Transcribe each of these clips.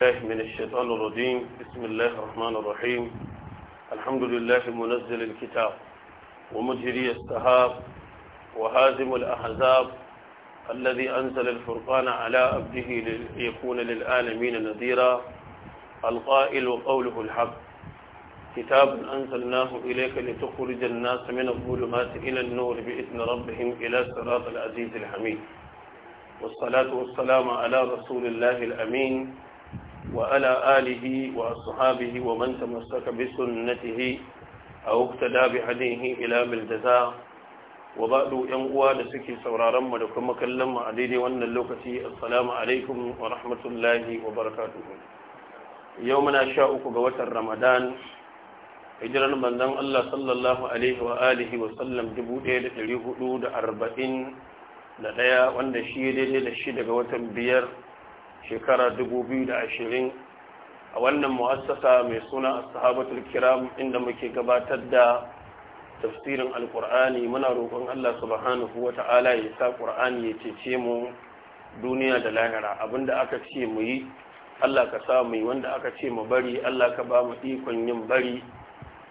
الله من الشيطان الرجيم بسم الله الرحمن الرحيم الحمد لله منزل الكتاب ومجري السحاب وهازم الأحزاب الذي أنزل الفرقان على عبده ليكون للعالمين نذيرا القائل وقوله الحق كتاب أنزلناه إليك لتخرج الناس من الظلمات إلى النور بإذن ربهم إلى صراط العزيز الحميد والصلاة والسلام على رسول الله الأمين وعلى آله وأصحابه ومن تمسك بسنته أو اقتدى بهديه إلى بالجزاء وبعد ينقوى لسكي سورارا ولكم كلم عديد وأن اللوكتي السلام عليكم ورحمة الله وبركاته يومنا شاءك قوة رمضان hijirar manzon Allah sallallahu alaihi wa alihi wa sallam 1441 wanda shi daidai da shi daga watan biyar shekara dubu biyu da ashirin a wannan mu'assasa mai suna a sahabatul kiram inda muke gabatar da tafsirin alkur'ani muna roƙon Allah subhanahu wata'ala ya sa qur'ani ya cece mu duniya da lahira abinda aka ce mu yi Allah ka sa mu yi wanda aka ce mu bari Allah ka ba mu ikon yin bari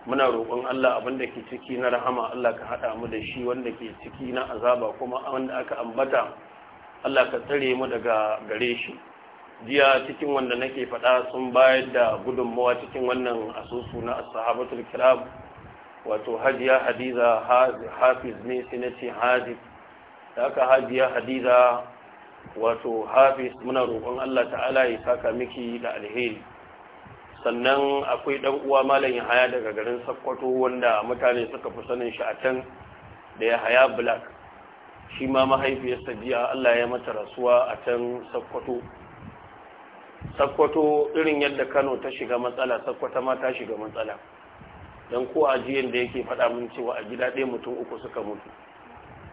muna roƙon Allah abinda ke ciki na rahama Allah ka haɗa mu da shi wanda ke ciki na azaba kuma wanda aka ambata Allah ka tsare mu daga gare shi jiya cikin wanda nake faɗa sun bayar da gudunmawa cikin wannan asusu na sahabatul kiram wato hajiya hadiza hafiz ne sai na ce hafiz da aka hajiya hadiza wato hafiz muna roƙon Allah ta'ala ya saka miki da alheri sannan akwai ɗan uwa malam yahaya daga garin sakkwato wanda mutane suka fi sanin shi a can da yahaya black shi ma mahaifiyarsa jiya Allah ya mata rasuwa a can sakkwato sakkwato irin yadda kano ta shiga matsala sakkwata ma ta shiga matsala don ko ajiyar da yake faɗa mun cewa a gida ɗaya mutum uku suka mutu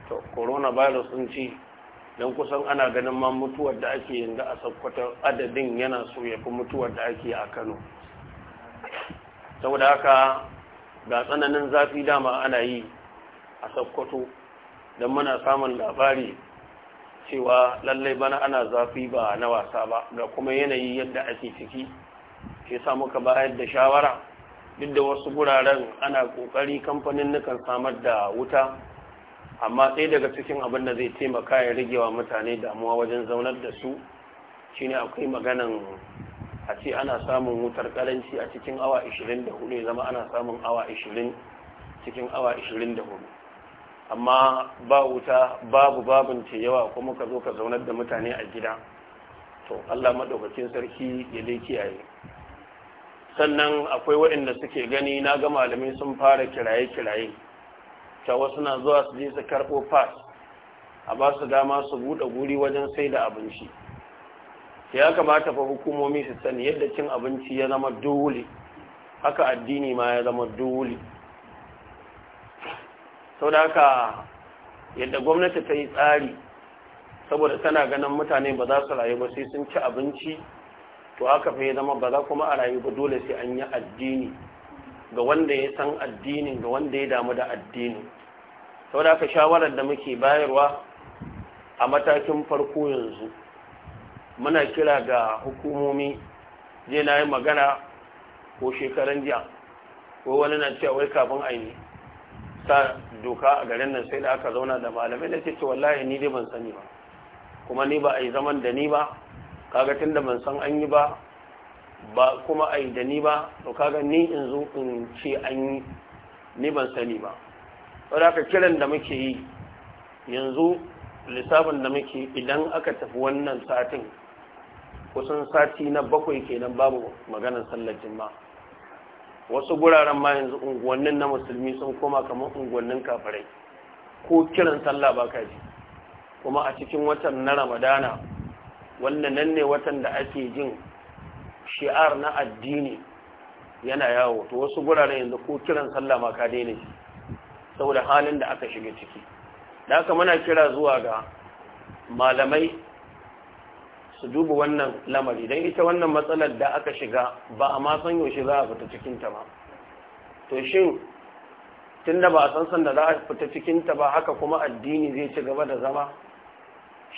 to coronavirus sun ci don kusan ana ganin ma mutuwar da ake yanzu a sakkwata adadin yana so ya fi mutuwar da ake a kano saboda haka ga tsananin zafi dama ana yi a sakkwato don muna samun labari cewa lallai bana ana zafi ba na wasa ba da kuma yanayi yadda ake ciki ke sa muka bayar da shawara duk da wasu guraren ana kokari kamfanin nukan samar da wuta amma sai daga cikin abin da zai taimaka ya rage wa mutane damuwa wajen zaunar da su shine akwai maganan a ce ana samun wutar karanci a cikin awa 24 zama ana samun awa 20 cikin awa 24 amma ba wuta babu babin ce yawa kuma ka zo ka zaunar da mutane a gida to Allah maɗaukacin sarki ya dai kiyaye sannan akwai waɗanda suke gani na ga malamai sun fara kiraye-kiraye ta wasu na zuwa su je su karɓo pass a ba su dama su buɗe guri wajen sai da abinci ya kamata fa hukumomi su sani yadda cin abinci ya zama dole haka addini ma ya zama dole sau da haka yadda gwamnati ta yi tsari saboda tana ganin mutane ba za su rayu ba sai sun ci abinci to aka fiye zama ba za kuma a rayu ba dole sai an yi addini ga wanda ya san addini, ga wanda ya damu da addini sau da aka shawarar da muke bayarwa a matakin farko yanzu muna kira ga hukumomi zai na yi magana ko shekaran jiya ko wani na cewa wai kafin aini sa doka a garin nan sai da aka zauna da malamai da ce wallahi ni dai ban sani ba kuma ni ba a yi zaman da ni ba kaga tun da ban san an yi ba ba kuma a yi da ni ba to kaga ni in zo in ce an yi ni ban sani ba wadda aka kiran da muke yi yanzu lissafin da muke idan aka tafi wannan satin kusan sati na bakwai kenan babu maganar sallar jima'a wasu guraren ma yanzu unguwannin na musulmi sun koma kamar unguwannin kafirai ko kiran sallah ba ka ji kuma a cikin watan na ramadana wannan nan ne watan da ake jin shi'ar na addini yana yawo to wasu guraren yanzu ko kiran sallah ma ka daina shi saboda halin da aka shiga ciki da aka muna kira zuwa ga malamai su duba wannan lamari don ita wannan matsalar da aka shiga ba a masan yaushe za a fita cikinta ba to shin tun da ba a san da za a fita cikinta ba haka kuma addini zai ci gaba da zama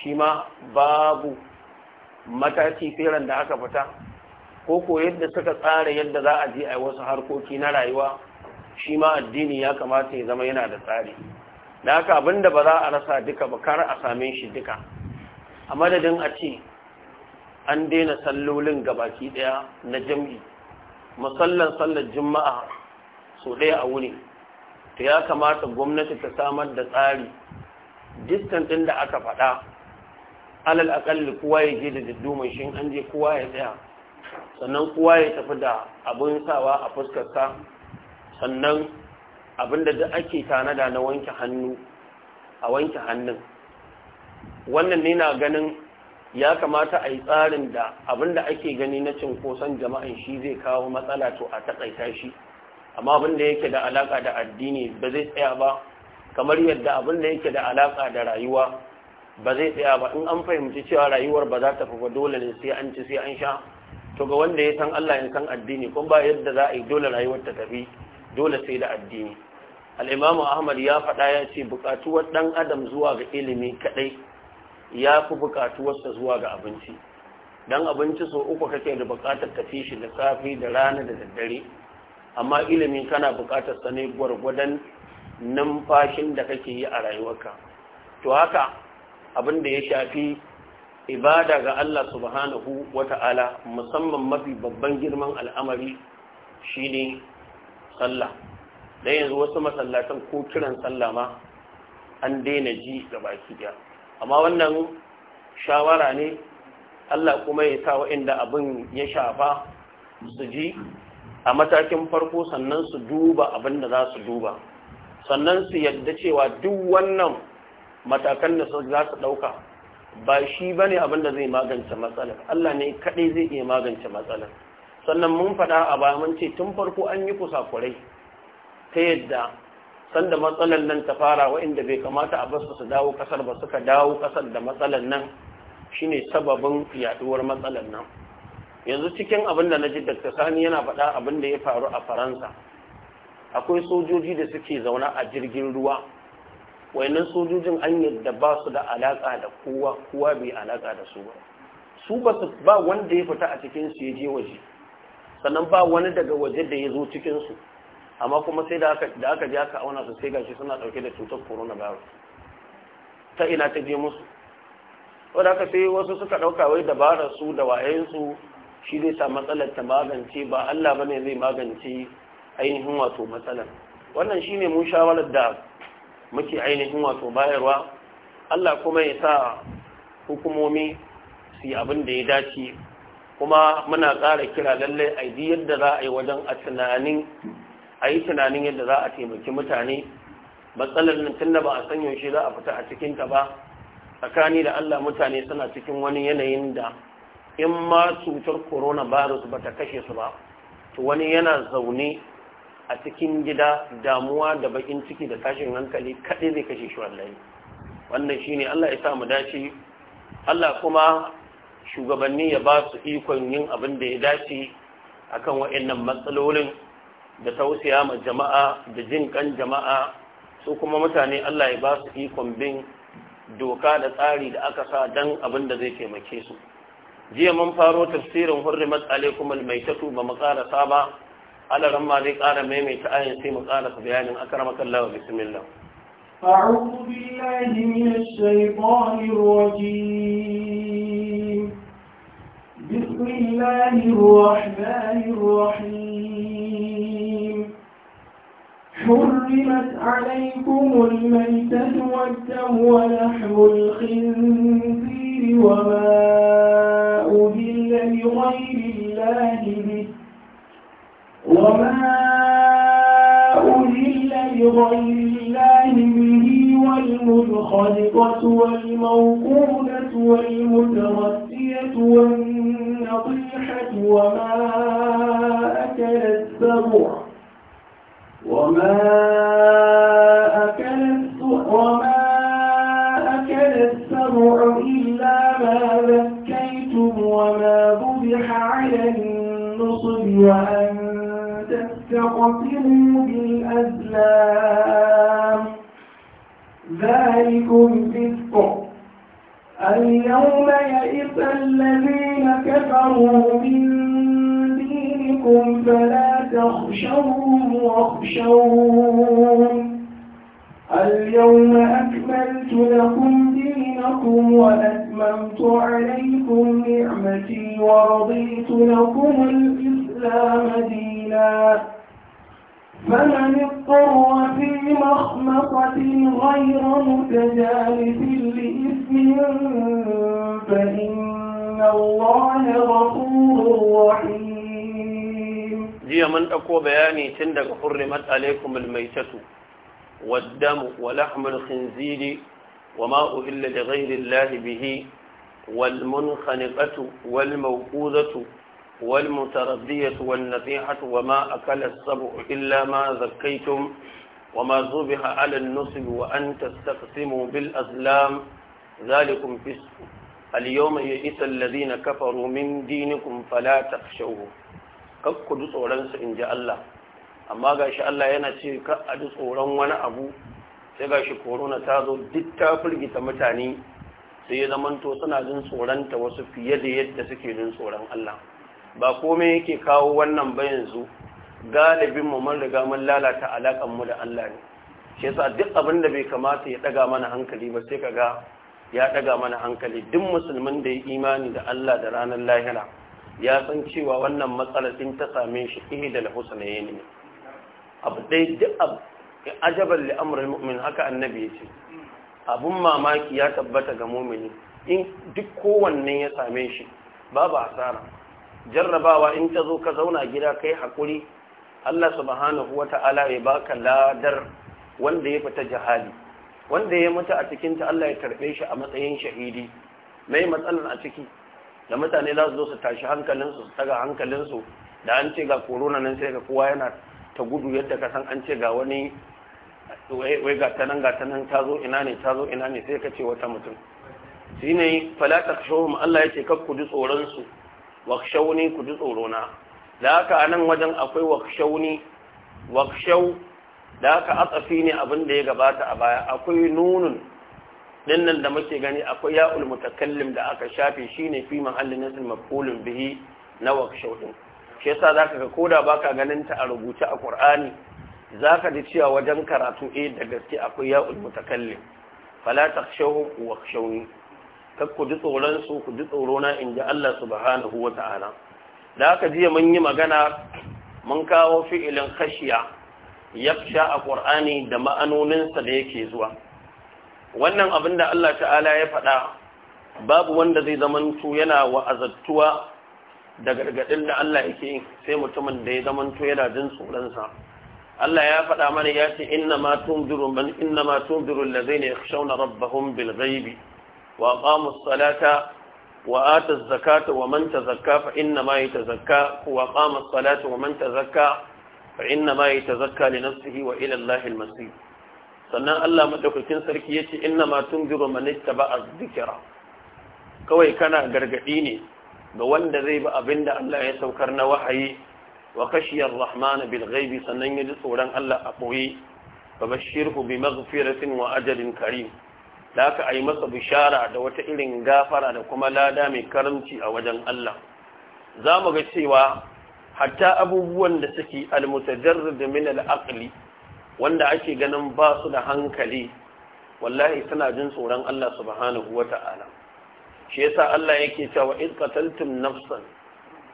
shi ma babu mataki firan da aka fita ko ko yadda suka tsara yadda za a je a wasu harkoki na rayuwa shi ma addini ya kamata ya zama yana da tsari da haka abinda ba za a rasa duka ba kar a same shi duka a madadin a ce an daina sallolin gabaki daya na jam'i musallan sallar juma'a so daya a wuni to ya kamata gwamnati ta samar da tsari distan din da aka faɗa alal akalli kowa ya je da dadduman shi an je kowa ya tsaya sannan kowa ya tafi da abin sawa a fuskarsa sannan abinda da ake tanada na wanke hannu a wanke hannun wannan ne na ganin ya kamata a yi tsarin da abin da ake gani na cinkoson jama'an shi zai kawo matsala to a taƙaita shi amma abin da yake da alaƙa da addini ba zai tsaya ba kamar yadda abin da yake da alaƙa da rayuwa ba zai tsaya ba in an fahimci cewa rayuwar ba za ta fi ba dole ne sai an ci sai an sha to ga wanda ya san Allah ya san addini kun ba yadda za a yi dole rayuwar ta tafi dole sai da addini al-imamu ahmad ya faɗa ya ce buƙatuwar ɗan adam zuwa ga ilimi kaɗai ya fi bukatuwarsa zuwa ga abinci don abinci sau uku kake da buƙatar tafi shi da safe da rana da daddare amma ilimi kana bukatar sa ne gwargwadon numfashin da kake yi a rayuwarka to haka abin da ya shafi ibada ga Allah subhanahu wata'ala musamman mafi babban girman al'amari shine sallah dan yanzu wasu masallatan ko kiran sallah ma an daina ji ga baki daya amma wannan shawara ne Allah kuma ya sa wa'inda abin ya shafa su ji a matakin farko sannan su duba abin da za su duba sannan su yadda cewa duk wannan matakan da su za su ɗauka ba shi ba ne abin da zai magance matsalar Allah ne kaɗai zai iya magance matsalar sannan mun faɗa a bayan ce tun farko an yi kusakurai ta yadda sanda matsalar nan ta fara wa'inda bai kamata a basu su dawo kasar ba suka dawo kasar da matsalar nan shine sababin yaduwar matsalar nan yanzu cikin abin da na ji Dr. Sani yana faɗa abin da ya faru a Faransa akwai sojoji da suke zauna a jirgin ruwa wayannan sojojin an yadda ba su da alaka da kowa kowa bai alaka da su ba su ba su ba wanda ya fita a cikin su ya je waje sannan ba wani daga waje da ya zo cikin su amma kuma sai da aka ji aka auna su sai gashi suna dauke da cutar coronavirus ta ina ta je musu wanda aka sai wasu suka dauka wai dabarar su da wayayen su shi zai sa matsalar ta magance ba Allah bane zai magance ainihin wato matsalar wannan shine mun shawarar da muke ainihin wato bayarwa Allah kuma ya sa hukumomi su yi abin da ya dace kuma muna kara kira lallai a yadda za a yi wajen a tunanin a yi tunanin yadda za a taimaki mutane matsalar nan tun da ba a san yaushe za a fita a cikin ta ba tsakani da Allah mutane suna cikin wani yanayin da in ma cutar coronavirus ba ta kashe su ba to wani yana zaune a cikin gida damuwa da bakin ciki da tashin hankali kaɗai zai kashe shi wallahi wannan shine Allah ya sa mu dace Allah kuma shugabanni ya ba su ikon yin abin da ya dace akan waɗannan matsalolin da tausaya ma jama'a da jin kan jama'a su kuma mutane Allah ya ba su ikon bin doka da tsari da aka sa dan abin da zai taimake su jiya mun faro tafsirin hurrimat alaikum almaitatu ba mu karasa ba alaran ma zai kara maimaita ayin sai mu karasa bayanin akramaka Allah wa bismillah أعوذ بالله من الشيطان الرجيم بسم الله الرحمن الرحيم حرمت عليكم الميتة والدم ولحم الخنزير وما أهل لغير الله به وما أهل لغير الله به والمنخلقة والموقولة والمتغسية والنطيحة وما أكل السبع وما أكل وما أكل السبع إلا ما ذكيتم وما ذبح على النصب وأن تستقسموا بالأزلام ذلكم فسق اليوم يئس الذين كفروا من دينكم فلا تخشون واخشون اليوم أكملت لكم دينكم وأتممت عليكم نعمتي ورضيت لكم الإسلام دينا فمن اضطر في مخمصة غير متجالس لإثم فإن الله غفور رحيم jiya من ɗauko بياني tun حرمت عليكم الميتة والدم ولحم الخنزير وما أهل لغير الله به والمنخنقة والموقوذة والمتردية والنطيحة وما أكل السبع إلا ما ذكيتم وما ذبح على النصب وأن تستقسموا بالأزلام ذلكم فسق اليوم يئس الذين كفروا من دينكم فلا تخشوهم kakku du tsoronsu in ji Allah amma ga shi Allah yana ce ka a ji tsoron wani abu sai ga shi korona ta zo duk ta firgita mutane sai ya zamanto suna jin tsoronta wasu fiye da yadda suke jin tsoron Allah ba komai yake kawo wannan ba yanzu galibin mu mun riga mun lalata alakan mu da Allah ne shi yasa duk abin da bai kamata ya daga mana hankali ba sai kaga ya daga mana hankali duk musulmin da ya imani da Allah da ranar lahira ya san cewa wannan matsalar in ta same shi na husnayn ne abu dai duk ajaban li'amrul mu'min haka annabi yace abun mamaki ya tabbata ga mu'mini in duk kowanne ya same shi babu asara jarrabawa in ta zo ka zauna gida kai hakuri Allah subhanahu wata'ala ya baka ladar wanda ya fita jihadi. wanda ya mutu a cikin ta Allah ya karbe shi a matsayin shahidi mai matsalar a ciki da mutane za su zo su tashi hankalinsu su taga hankalinsu da an ce ga korona nan sai ga kowa yana ta gudu yadda ka san an ce ga wani wai ga ta nan ga ta nan ta zo ina ne ta zo ina ne sai ka ce wata mutum shi ne falata shawum Allah ya ce kar ku ji tsoronsu wakshawni ku ji tsorona da haka a nan wajen akwai wakshawni wakshaw da haka atsafi ne abin da ya gabata a baya akwai nunun din nan da muke gani akwai ya'ul mutakallim da aka shafe shine fi mahallin nasl maf'ulun bihi na wakshaw shi yasa zaka ga koda baka ganin ta a rubuce a Qur'ani zaka ji cewa wajen karatu eh da gaske akwai ya'ul mutakallim fala takhshawhum wakhshawni kar ku ji tsoron su ku ji tsoro na in ji Allah subhanahu wa ta'ala da aka jiya mun yi magana mun kawo fi'ilin khashiya yafsha a Qur'ani da ma'anoninsa da yake zuwa wannan abin da Allah ta'ala ya faɗa babu wanda zai zamantu yana wa'azattuwa da gargaɗin da Allah yake sai mutumin da ya zamanto yana jin tsoronsa Allah ya faɗa mana ya ce inna ma tunziru man inna ma tunziru allazina yakhshawna rabbahum bil ghaibi wa aqamu as-salata wa ata az-zakata wa man tazakka fa inna ma yatazakka wa aqama as-salata wa man tazakka fa inna ma yatazakka li nafsihi wa ila Allahil masir sannan Allah madaukakin sarki yace inna ma tunziru man ittaba az-zikra kawai kana gargadi ne ga wanda zai bi abinda Allah ya saukar na wahayi wa kashiyar rahman bil sannan sannan ji tsoron Allah a boye babashirhu bi maghfiratin wa ajalin karim da aka ayi masa bishara da wata irin gafara da kuma lada mai karamci a wajen Allah za mu ga cewa hatta abubuwan da suke al-mutajarrid min al-aqli wanda ake ganin ba su da hankali wallahi suna jin tsoron Allah subhanahu wa ta'ala shi yasa Allah yake cewa in qataltum nafsan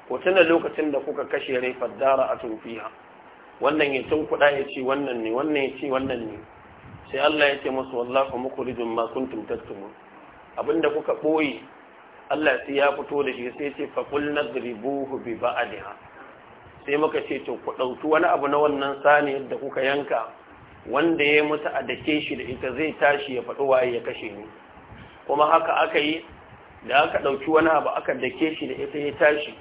ku tuna lokacin da kuka kashe rai faddara a tufiha wannan ya tun kuɗa ya ce wannan ne wannan ya ce wannan ne sai Allah ya ce musu wallahu mukhrijum ma kuntum tattumun abinda kuka boye Allah sai ya fito da shi sai ce faqul nadribuhu bi ba'daha sai muka ce to ku ɗauki wani abu na wannan sani da kuka yanka wanda ya mutu a dake shi da ita zai tashi ya faɗi waye ya kashe ni kuma haka aka yi da aka ɗauki wani abu aka dake shi da ita ya tashi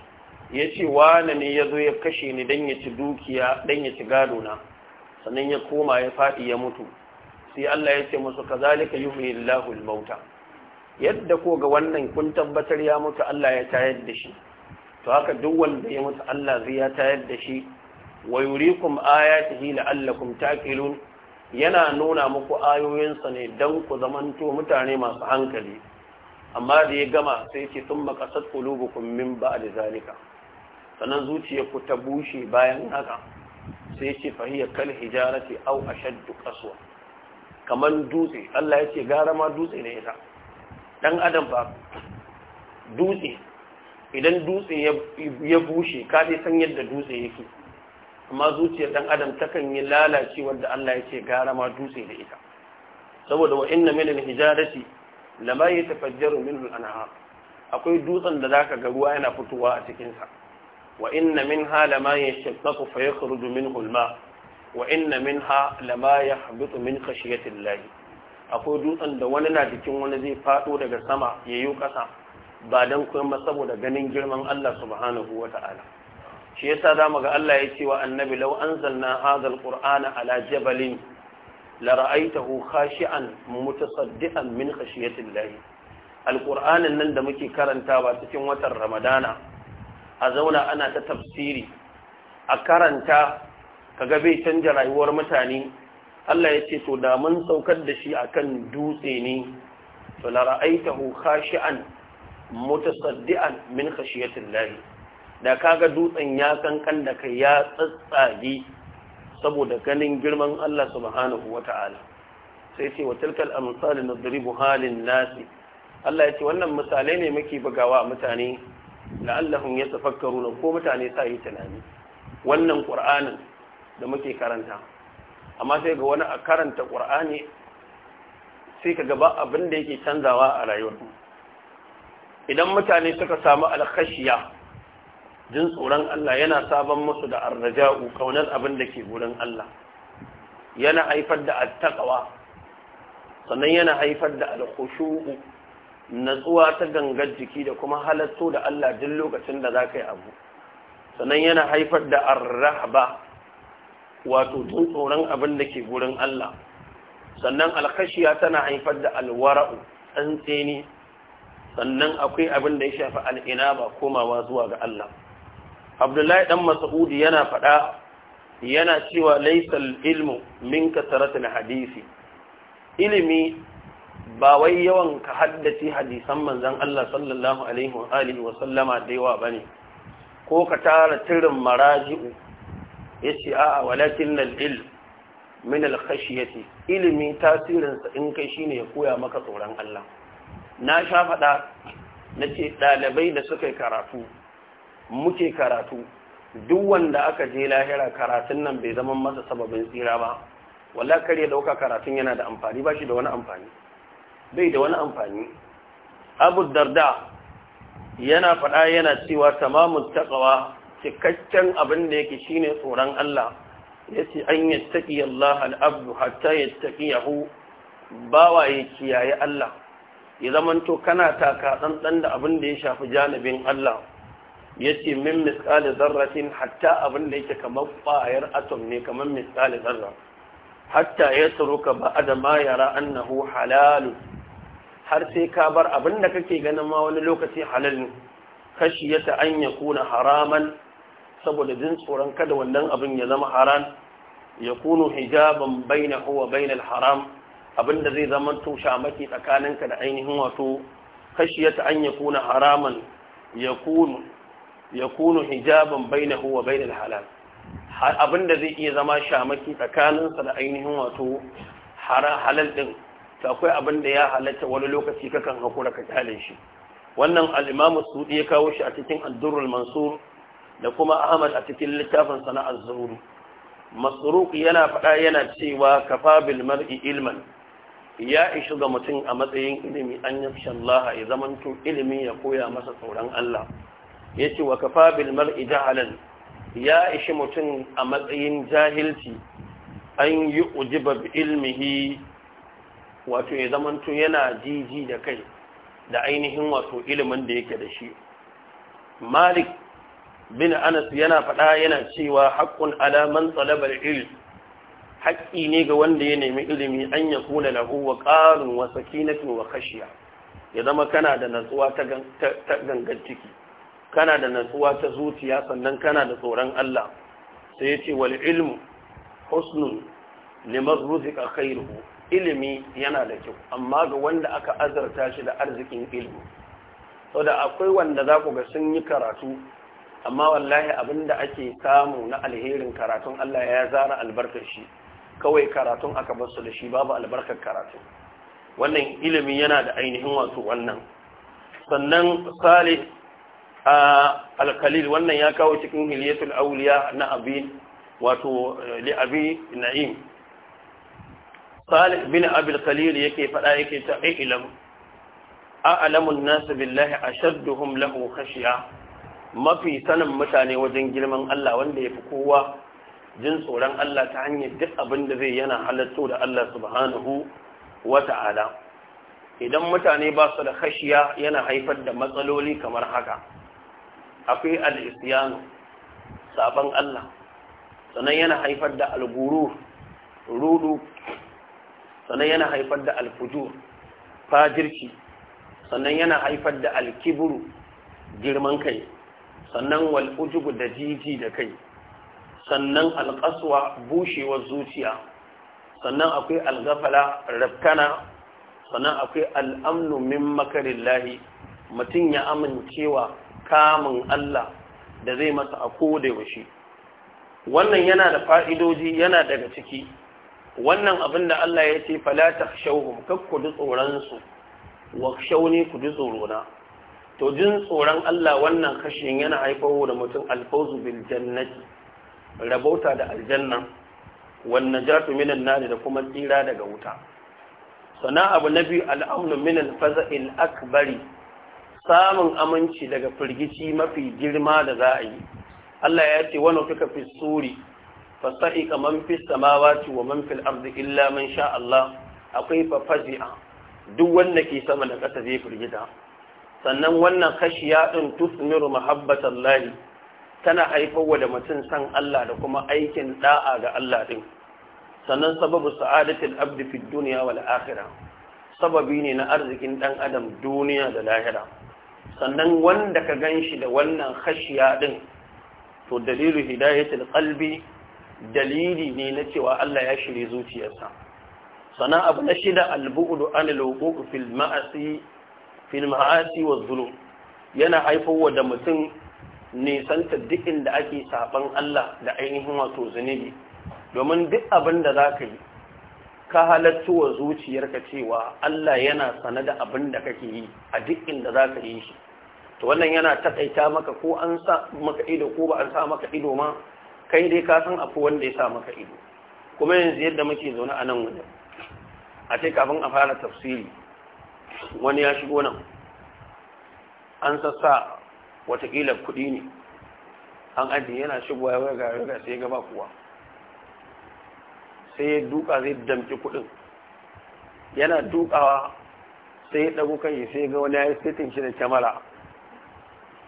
ya ce wane ne ya zo ya kashe ni don ya ci dukiya don ya ci gado na sannan ya koma ya faɗi ya mutu sai Allah ya ce musu kazalika yi Allahu lahul mauta yadda ko ga wannan kun tabbatar ya mutu Allah ya tayar da shi to haka duk wanda ya mutu Allah zai ya tayar da shi wa yurikum ayatihi la'allakum taqilun yana nuna muku ayoyinsa ne dan ku zamanto mutane masu hankali amma da ya gama sai ce thumma qasat qulubukum min ba'di zalika sannan zuciyarku ta bushe bayan haka sai ce fahiya kal hijarati aw ashaddu qaswa kaman dutse Allah ya ce gara ma dutse ne ita dan adam ba dutse idan dutse ya bushe ka san yadda dutse yake amma zuciyar ɗan adam takan yi lalace wanda Allah ya ce gara ma dutse da ita saboda wa inna min hijarati hijarati ma yatafajjaru minhu al-anhar akwai dutsen da zaka ga ruwa yana fitowa a cikin sa wa inna minha lama yashaqqaqu fa yakhruju minhu al-ma wa inna minha ya yahbitu min khashyati Allah akwai dutsen da wani na jikin wani zai fado daga sama ya yi kasa ba don ba saboda ganin girman Allah subhanahu wa ta'ala shi yasa za mu ga Allah ya ce wa annabi lau anzalna hadhal qur'ana ala jabalin la ra'aytahu khashi'an mutasaddian min khashyatillah alqur'anin nan da muke karanta ba cikin watan ramadana a zauna ana ta tafsiri a karanta ka ga bai canja rayuwar mutane Allah ya ce to da mun saukar da shi akan dutse ne to la khashi'an mutasaddian min khashiyatillahi da kaga dutsen ya kankan da kai ya tsatsage saboda ganin girman Allah subhanahu wata'ala sai ce wa tilkal amsal nadribu halin nasi Allah ya ce wannan misalai ne muke bugawa mutane la'allahum yatafakkaruna ko mutane sa yi tunani wannan qur'anin da muke karanta amma sai ga wani a karanta qur'ani sai ka gaba abin da yake canzawa a rayuwarmu idan mutane suka samu alkhashiya jin tsoron Allah yana saban musu da arraja'u kaunar abin da ke gurin Allah yana haifar da attaqwa sannan yana haifar da alkhushu'u natsuwa ta gangar jiki da kuma halatto da Allah duk lokacin da zaka yi abu sannan yana haifar da arrahba wato jin tsoron abin da ke gurin Allah sannan alkhashiya tana haifar da alwara'u tsantseni sannan akwai abin da ya shafi al'ina ba komawa zuwa ga Allah abdullahi dan mas'udi yana faɗa yana cewa laisal ilmu min kasaratul hadisi ilimi ba wai yawan ka haddace hadisan manzon Allah sallallahu alaihi wa alihi wa sallama da yawa bane ko ka tara tirin maraji'u yace a'a walakin al-ilm min al-khashiyati ilimi tasirinsa in kai shine ya koya maka tsoron Allah na sha faɗa na ce ɗalibai da suka yi karatu muke karatu duk wanda aka je lahira karatun nan bai zama masa sababin tsira ba wala kar ya dauka karatun yana da amfani ba shi da wani amfani bai da wani amfani abu darda yana faɗa yana cewa tamamun taƙawa cikakken abin da yake ne tsoron Allah ya ce an yattaki Allah al'abdu hatta yattaki yahu bawa ya kiyaye Allah ya zamanto kana taka ɗanɗan da abin da ya shafi janibin Allah ya ce min misali zarratin hatta abin da yake kamar ƙwayar atom ne kamar misali zarra hatta ya ka ba a ya ma yara annahu halalu har sai ka bar abin da kake ganin ma wani lokaci halal ne kashi ya ta an ya kuna haraman saboda jin tsoron kada wannan abin ya zama haram ya kunu hijaban bainahu wa bainal haram abinda zai zama to shamaki tsakaninka da ainihin wato khashiyata an kuna haraman yakunu yakunu hijaban bainahu wa bainal halal abinda zai iya zama shamaki tsakaninsa da ainihin wato halal din to akwai abinda ya halatta wani lokaci kakan hakura ka kyale shi wannan al-imamu ya kawo shi a cikin ad mansur da kuma ahmad a cikin littafin sana'ar zuhuri masruq yana faɗa yana cewa kafa bil mar'i ilman ya ishi ga mutum a matsayin ilimi an yafsha laha ya tun ilimi ya koya masa tsoron Allah ya ce wa kafa bilmar mar'i ya ishi mutum a matsayin jahilci an yi ujiba bi ilmihi wato ya zamanto yana jiji da kai da ainihin wato ilimin da yake da shi malik bin anas yana faɗa yana cewa haƙƙun alaman tsalabar ilm haƙƙi ne ga wanda ya nemi ilimi an ya kula lahu wa ƙarin wa sakinatin wa kashiya ya zama kana da natsuwa ta gangan ciki kana da natsuwa ta zuciya sannan kana da tsoron Allah sai ya ce wal ilmu husnun liman ruzika khairuhu ilimi yana da kyau amma ga wanda aka azarta shi da arzikin ilimi da akwai wanda za ku ga sun yi karatu amma wallahi abinda ake samu na alherin karatun Allah ya zara albarkar shi kawai karatun aka ba su da shi babu albarkar karatu wannan ilimi yana da ainihin wato wannan sannan salih alkalil wannan ya kawo cikin hiliyatul auliya na abi wato li na'im salih bin abil Kalil yake faɗa yake ta ilam a'lamun nas billahi ashadduhum lahu khashiya mafi sanin mutane wajen girman Allah wanda ya fi kowa jin tsoron Allah ta hanyar duk abin da zai yana halatto da Allah subhanahu wa ta'ala idan mutane ba su da khashiya yana haifar da matsaloli kamar haka akwai al-isyanu Allah sannan yana haifar da al-gurur rudu sannan yana haifar da al-fujur fajirci sannan yana haifar da al-kibru girman kai sannan wal ujubu da jiji da kai sannan alƙaswa bushewar zuciya sannan akwai algafala rafkana sannan akwai al'amnu min makarin lahi mutum ya amincewa kamun Allah da zai masa a koda yaushe wannan yana da fa'idoji yana daga ciki wannan abin da Allah ya ce falata shauhun kakku tsoronsu wa shauni ku tsorona to jin tsoron Allah wannan kashin yana haifar da mutum alfauzu bil jannati rabauta da aljanna wan najatu minan nar da kuma tsira daga wuta sana abu na biyu al'amnu minan al-faza'il akbari samun aminci daga firgici mafi girma da za a yi Allah ya ce wani kuka fi suri fasa'iqa man fi ci wa man fil illa man sha Allah akwai fafazi'a duk wanda ke sama da ƙasa zai firgita sannan wannan kashiya din tusmiru mahabbatallahi tana haifarwa da mutum san Allah da kuma aikin da'a ga Allah ɗin, sannan sababu sa'adatul abdi fid dunya wal akhirah sababi ne na arzikin ɗan adam duniya da lahira sannan wanda ka ganshi da wannan khashiya din to dalilu hidayatul qalbi dalili ne na cewa Allah ya shirye zuciyarsa sannan abu na shida albu'du anil wuqu fil ma'asi fil ma'asi yana haifarwa da mutum nisanta duk inda ake saban Allah da ainihin wato zunubi domin duk abin da za ka yi ka halatta wa zuciyarka cewa Allah yana sane da abin da kake yi a duk inda za ka yi shi to wannan yana takaita maka ko an sa maka ido ko ba an sa maka ido ma kai dai ka san akwai wanda ya sa maka ido kuma yanzu yadda muke zaune a nan wajen a ce kafin a fara tafsiri wani ya shigo nan an sassa watakila kuɗi ne an ajiye yana shigowa ya waga riga sai gaba kuwa sai ya duka zai damki kuɗin yana dukawa sai ya kan yi sai ga wani ya yi sitin shi da kyamara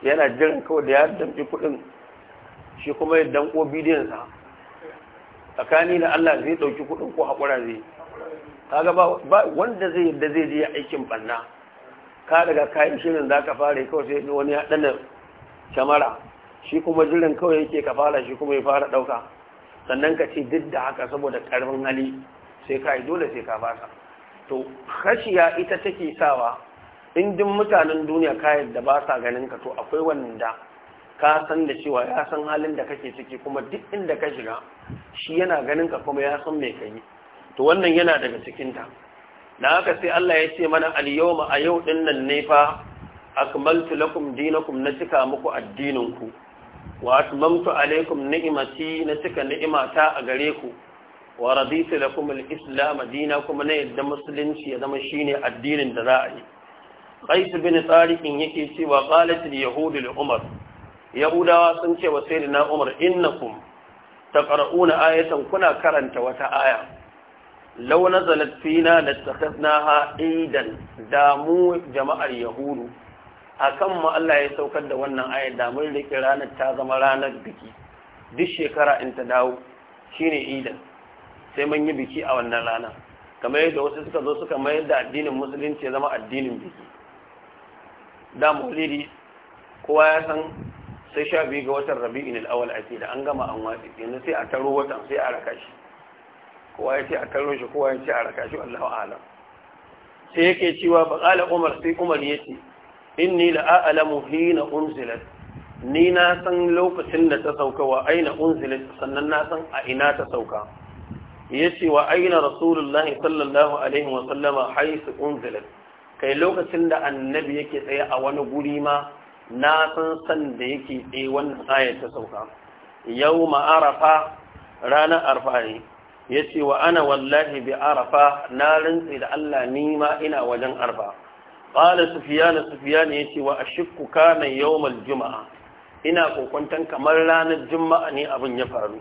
yana jiran kawai da ya damki kuɗin shi kuma ya danko bidiyonsa tsakani da Allah zai ɗauki kuɗin ko haƙura zai kaga ba wanda zai yadda zai je aikin banna ka daga kayan shirin za ka fara yi kawai sai wani haɗin ɗana shamara shi kuma jirin kawai yake ka fara shi kuma ya fara ɗauka sannan ka ce duk da haka saboda ƙarfin hali sai ka yi dole sai ka fasa to kashiya ita take sawa in mutanen duniya kayan da ba sa ganin ka to akwai wanda ka san da cewa ya san halin da kake ciki kuma duk inda ka shiga shi yana ganin ka kuma ya san me ka yi to wannan yana daga cikin ta na haka sai Allah ya ce mana al-yawma a yau din nan ne fa akmaltu lakum dinakum na cika muku addininku wa atmamtu alaikum ni'imati na cika ni'imata a gare ku wa raditu lakum al-islam dina kuma ne yadda musulunci ya zama shine addinin da za a yi qais bin tariq yake cewa qalat al-yahud al-umar yahudawa sun ce wa sayyidina umar innakum taqra'una ayatan kuna karanta wata aya lau nazalat da lattakhadnaha idan damu jama'ar yahudu akan mu Allah ya saukar da wannan ayat da mun rike ranar ta zama ranar biki duk shekara in ta dawo shine idan sai mun yi biki a wannan rana kamar yadda wasu suka zo suka mayar da addinin musulunci ya zama addinin biki da kowa ya san sai sha biyu ga watan rabi'in al'awal ake da an gama an watsi sai a taro watan sai a raka shi kowa ya ce a taro shi kowa ya ce a raka shi Allahu a'lam sai yake cewa bakala Umar sai Umar yace inni la a'lamu hina unzilat ni na san lokacin da ta sauka wa aina unzilat sannan na san a ina ta sauka ce wa aina rasulullahi sallallahu alaihi wa sallama haisu unzilat kai lokacin da annabi yake tsaye a wani guri ma na san san da yake tsaye wannan ayar ta sauka yau ma'arafa ranar arfa ne ya ce wa ana wallahi bi arafa na rantsi da Allah ni ma ina wajen arfa qala sufyan sufyan ya ce wa ashukku kana yawmal juma'a ina kokontan kamar ranar juma'a ne abin ya faru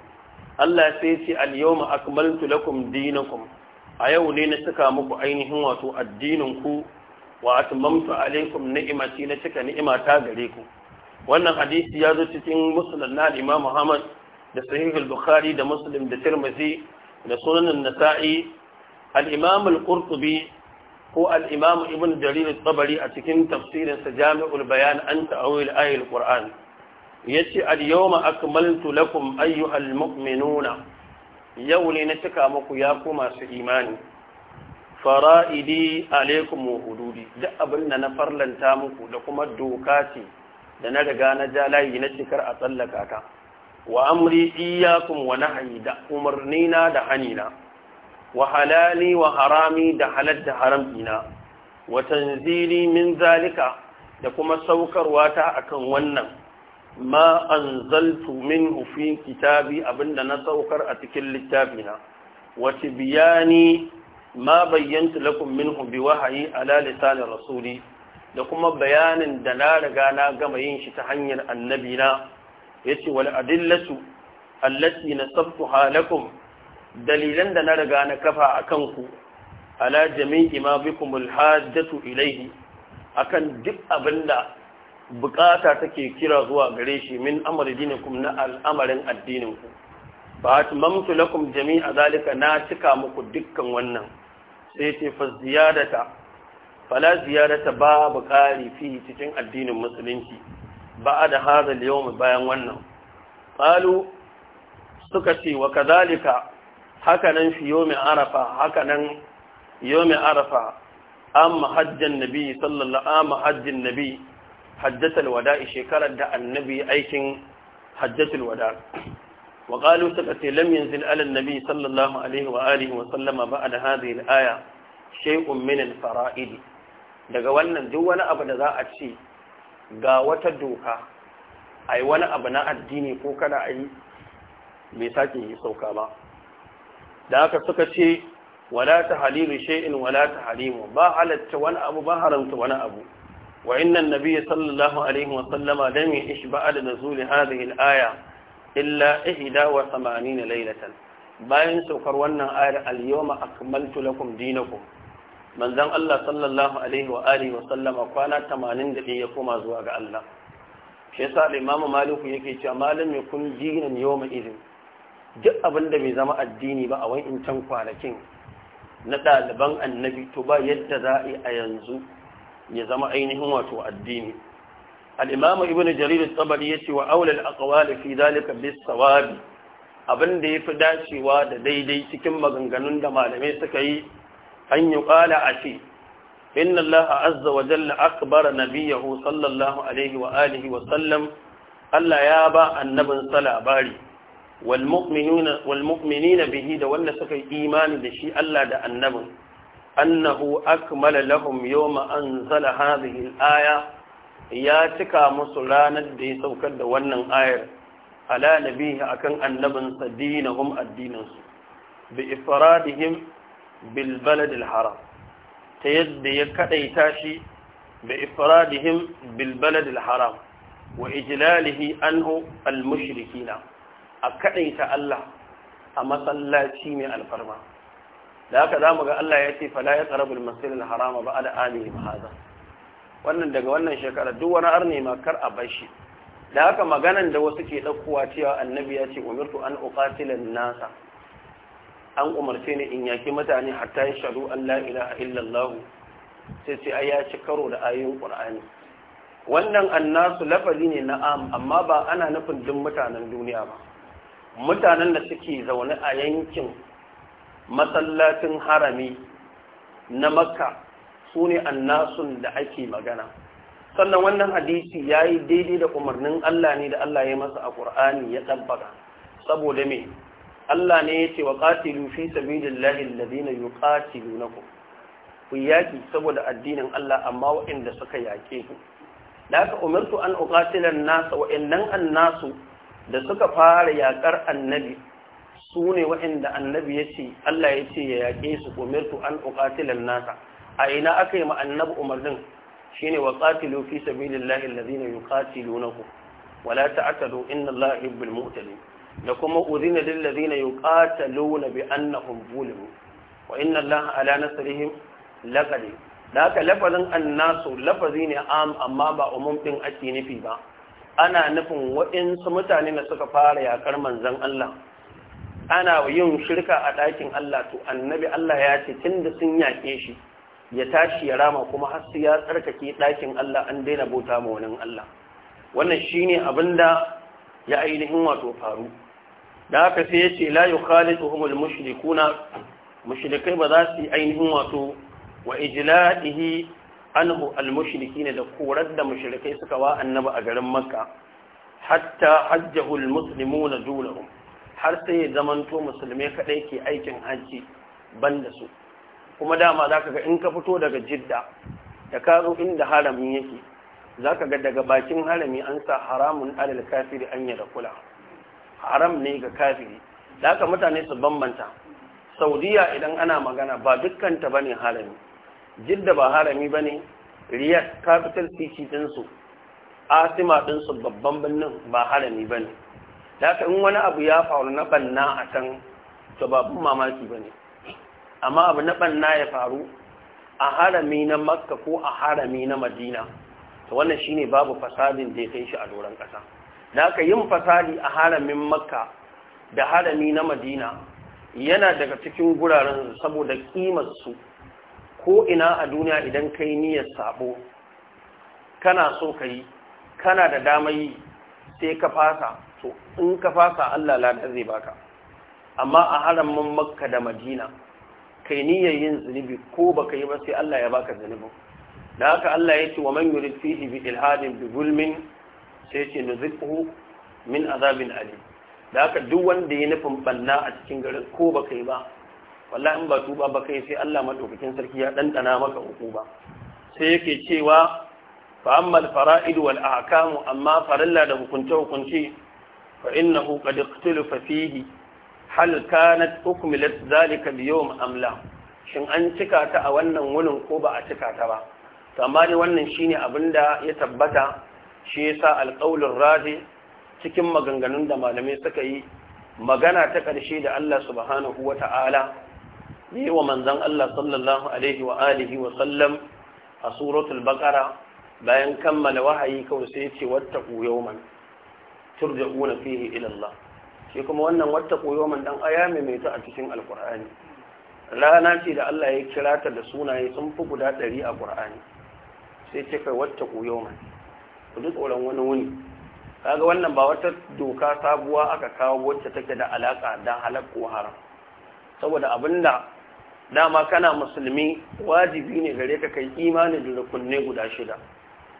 Allah sai ya ce al yawma akmaltu lakum dinakum a yau ne na cika muku ainihin wato addinin ku wa atmamtu alaikum ni'imati na cika ta gare ku wannan hadisi ya zo cikin musnad na Imam Muhammad da sahih al-Bukhari da Muslim da Tirmidhi da sunan nasa'i al-imam ko al-imam ibn jarir at-tabari a cikin tafsirinsa jami'ul bayan an ta'awil ayatul qur'an yace al-yawma akmaltu lakum ayyuhal mu'minuna yau ne na cika muku ya ku masu imani fara'idi alaikum wa hududi duk abin da na farlanta muku da kuma doka ce da na riga na ja layi na cikar a tsallaka ta wa amri iyyakum wa nahyi da umarnina da hanina wa halali wa harami da halatta da haramina wa tanzili min zalika da kuma saukarwa ta akan wannan ma anzaltu minhu fi kitabi abinda na saukar a cikin littafina wa tibyani ma bayyantu lakum minhu bi wahayi ala lisan rasuli da kuma bayanin da na riga na gama yin shi ta hanyar annabina yace wal adillatu allati nasabtuha lakum dalilan da na riga na kafa akan ku ala jami'i ma bikum al hajjatu ilayhi akan duk abinda bukata take kira zuwa gare shi min amr na al'amarin addininku. ku fa atmamtu lakum jami'a zalika na cika muku dukkan wannan sai ce fa ziyadata fala ziyadata babu kari fi cikin addinin musulunci Ba'a da hadha al-yawm bayan wannan Ƙalu suka ce wa kazalika hakanan nan fi yawmi arafa Hakanan nan mai arafa amma hajjan nabi sallallahu amma hajjin nabi hajjatul wada'i shekarar da annabi aikin hajjatul wada wa qalu suka ce lam yanzil ala nabi sallallahu alaihi wa alihi wa sallama da hadhihi al-aya shay'un min al daga wannan duk wani abu da za a ce ga wata doka a yi wani abu na addini ko kada a yi bai sake yi sauka ba da haka suka ce wala ta halilu shay'in wala ta halimu ba halatta wani abu ba haramta wani abu wa innan nabiyyi sallallahu alaihi wa sallama lam yish ba'da nuzul hadhihi al-aya illa ihda wa 80 lailatan bayan saukar wannan ayar al-yawma akmaltu lakum dinakum manzan Allah sallallahu alaihi wa alihi wa sallama kwana tamanin da ya koma zuwa ga Allah shi yasa al Maliku yake cewa malam ya kun dinan ma idin duk abin da bai zama addini ba a wani can kwanakin na ɗaliban annabi to ba yadda za a yi a yanzu ya zama ainihin wato addini al Ibn Jarir al-Tabari yace wa aulal al-aqwal fi dhalika bis-sawab abin da yafi dacewa da daidai cikin maganganun da malamai suka yi an yi ƙala a ce inna Allah azza wa jalla akbar nabiyahu sallallahu alaihi wa alihi wa sallam Allah ya ba annabin sa labari wal mu'minina bihi da wanda suka yi imani da shi Allah da annabin annahu akmala lahum yawma anzala hadhihi al-aya ya cika musu ranar da ya saukar da wannan ayar ala nabihi akan annabin sa dinahum addinin bi ifradihim bil baladil haram ta yadda ya kadaita shi bi ifradihim bil haram wa ijlalihi anhu al mushrikina a kaɗaita Allah a matsalaci mai alfarma da haka mu ga Allah ya ce fala ya qarabul masirin harama ba ala alihi hada wannan daga wannan shekara duk wani arne ma kar a bar shi da haka maganan da wasu ke ɗaukowa cewa annabi ya ce umirtu an uqatila nasa an umarce ni in yaki mutane hatta yi shaɗu Allah ilaha illallah sai sai ya ci karo da ayin Kur'ani. wannan annasu lafazi ne na amma ba ana nufin duk mutanen duniya ba mutanen da suke zaune a yankin masallacin harami na makka su ne annasun da ake magana sannan wannan hadisi ya yi daidai da umarnin Allah ne da Allah ya masa a ƙur'ani ya ɗabbaka saboda me Allah ne ya ce wa qatilu fi sabilillahi alladhina yuqatilunakum ku yaƙi saboda addinin Allah amma waɗanda suka yake da aka umartu an uqatilan nas an nasu da suka fara yaƙar annabi su ne waɗanda annabi ya ce Allah ya ce ya yake su umartu an uqatilan nasa a ina aka yi ma annabi umarnin shine wa qatilu fi sabilillahi alladhina ku. wala ta'tadu inna allaha yuhibbul mu'tadin da kuma udhina lil ladina yuqataluna bi annahum zulimu wa inna allaha ala nasrihim laqadir da haka lafazin annasu lafazi ne am amma ba umum din ake nufi ba ana nufin waɗansu mutane da suka fara yakar manzan Allah ana yin shirka a ɗakin Allah to annabi Allah ya ce tunda sun yaƙe shi ya tashi ya rama kuma har sai ya tsarkake ɗakin Allah an daina bota ma wani Allah wannan shine abinda ya ainihin wato faru da aka sai ya ce Layu khalidu humul mushrikuna mushrikai ba za su yi ainihin wato wa ijla'ihi anhu al-mushrikina da korar da mushrikai suka wa annaba a garin makka hatta hajjahu al-muslimuna dunahum har sai ya zamanto musulmai kadai ke aikin hajji banda su kuma dama zaka ga in ka fito daga jidda da ka zo inda haramin yake zaka ga daga bakin harami an sa haramun alal kafiri an yada kula haram ne ga kafiri da haka mutane su bambanta saudiya idan ana magana ba dukkanta ba ne harami jidda ba harami ba ne riyad capital city ɗinsu asima dinsu babban birnin ba harami ba ne da haka in wani abu ya faru na banna a can to babban mamaki ba ne amma abu na banna ya faru a harami na makka ko a harami na madina to wannan shine babu fasadin da ya kai shi a doron ƙasa da aka yin fasali a haramin makka da harami na madina yana daga cikin guraren saboda kimarsu. ko ina a duniya idan kai niyyar sabo kana so ka yi kana da dama yi sai ka fasa to in ka fasa allah lada zai baka amma a haramin makka da madina kai niyyar yin zunubi ko baka yi ba sai allah ya baka zunubin da aka allah ya ce wa man rufi bi ilhadin bi gulmin? sai ce nuziquhu min azabin ali da haka duk wanda ya nufin banna a cikin garin ko ba kai ba wallahi in ba tuba ba kai sai Allah madaukakin sarki ya dandana maka ba. sai yake cewa fa amma al-fara'id wal ahkamu amma faralla da hukunce hukunce fa innahu qad ikhtalafa fihi hal kanat ukmilat zalika bi yawm am la shin an cika ta a wannan wurin ko ba a cika ta ba to amma dai wannan shine abinda ya tabbata shi yasa alƙaulin raji cikin maganganun da malamai suka yi magana ta ƙarshe da Allah subhanahu wa ta'ala yi wa manzan Allah sallallahu alaihi wa alihi wa sallam a suratul baƙara, bayan kammala wahayi kawai sai ce wattaqu yawman turja'una fihi ila Allah shi kuma wannan wattaqu yawman dan aya mai ta a cikin Alƙur'ani. rana ce da Allah ya kira ta da sunaye sun fi guda ɗari a Ƙur'ani. sai ce kai wattaqu yawman ku tsoron wani wuni kaga wannan ba wata doka sabuwa aka kawo wacce take da alaka da halak ko haram saboda abinda dama kana musulmi wajibi ne gare ka kai imani da rukunne guda shida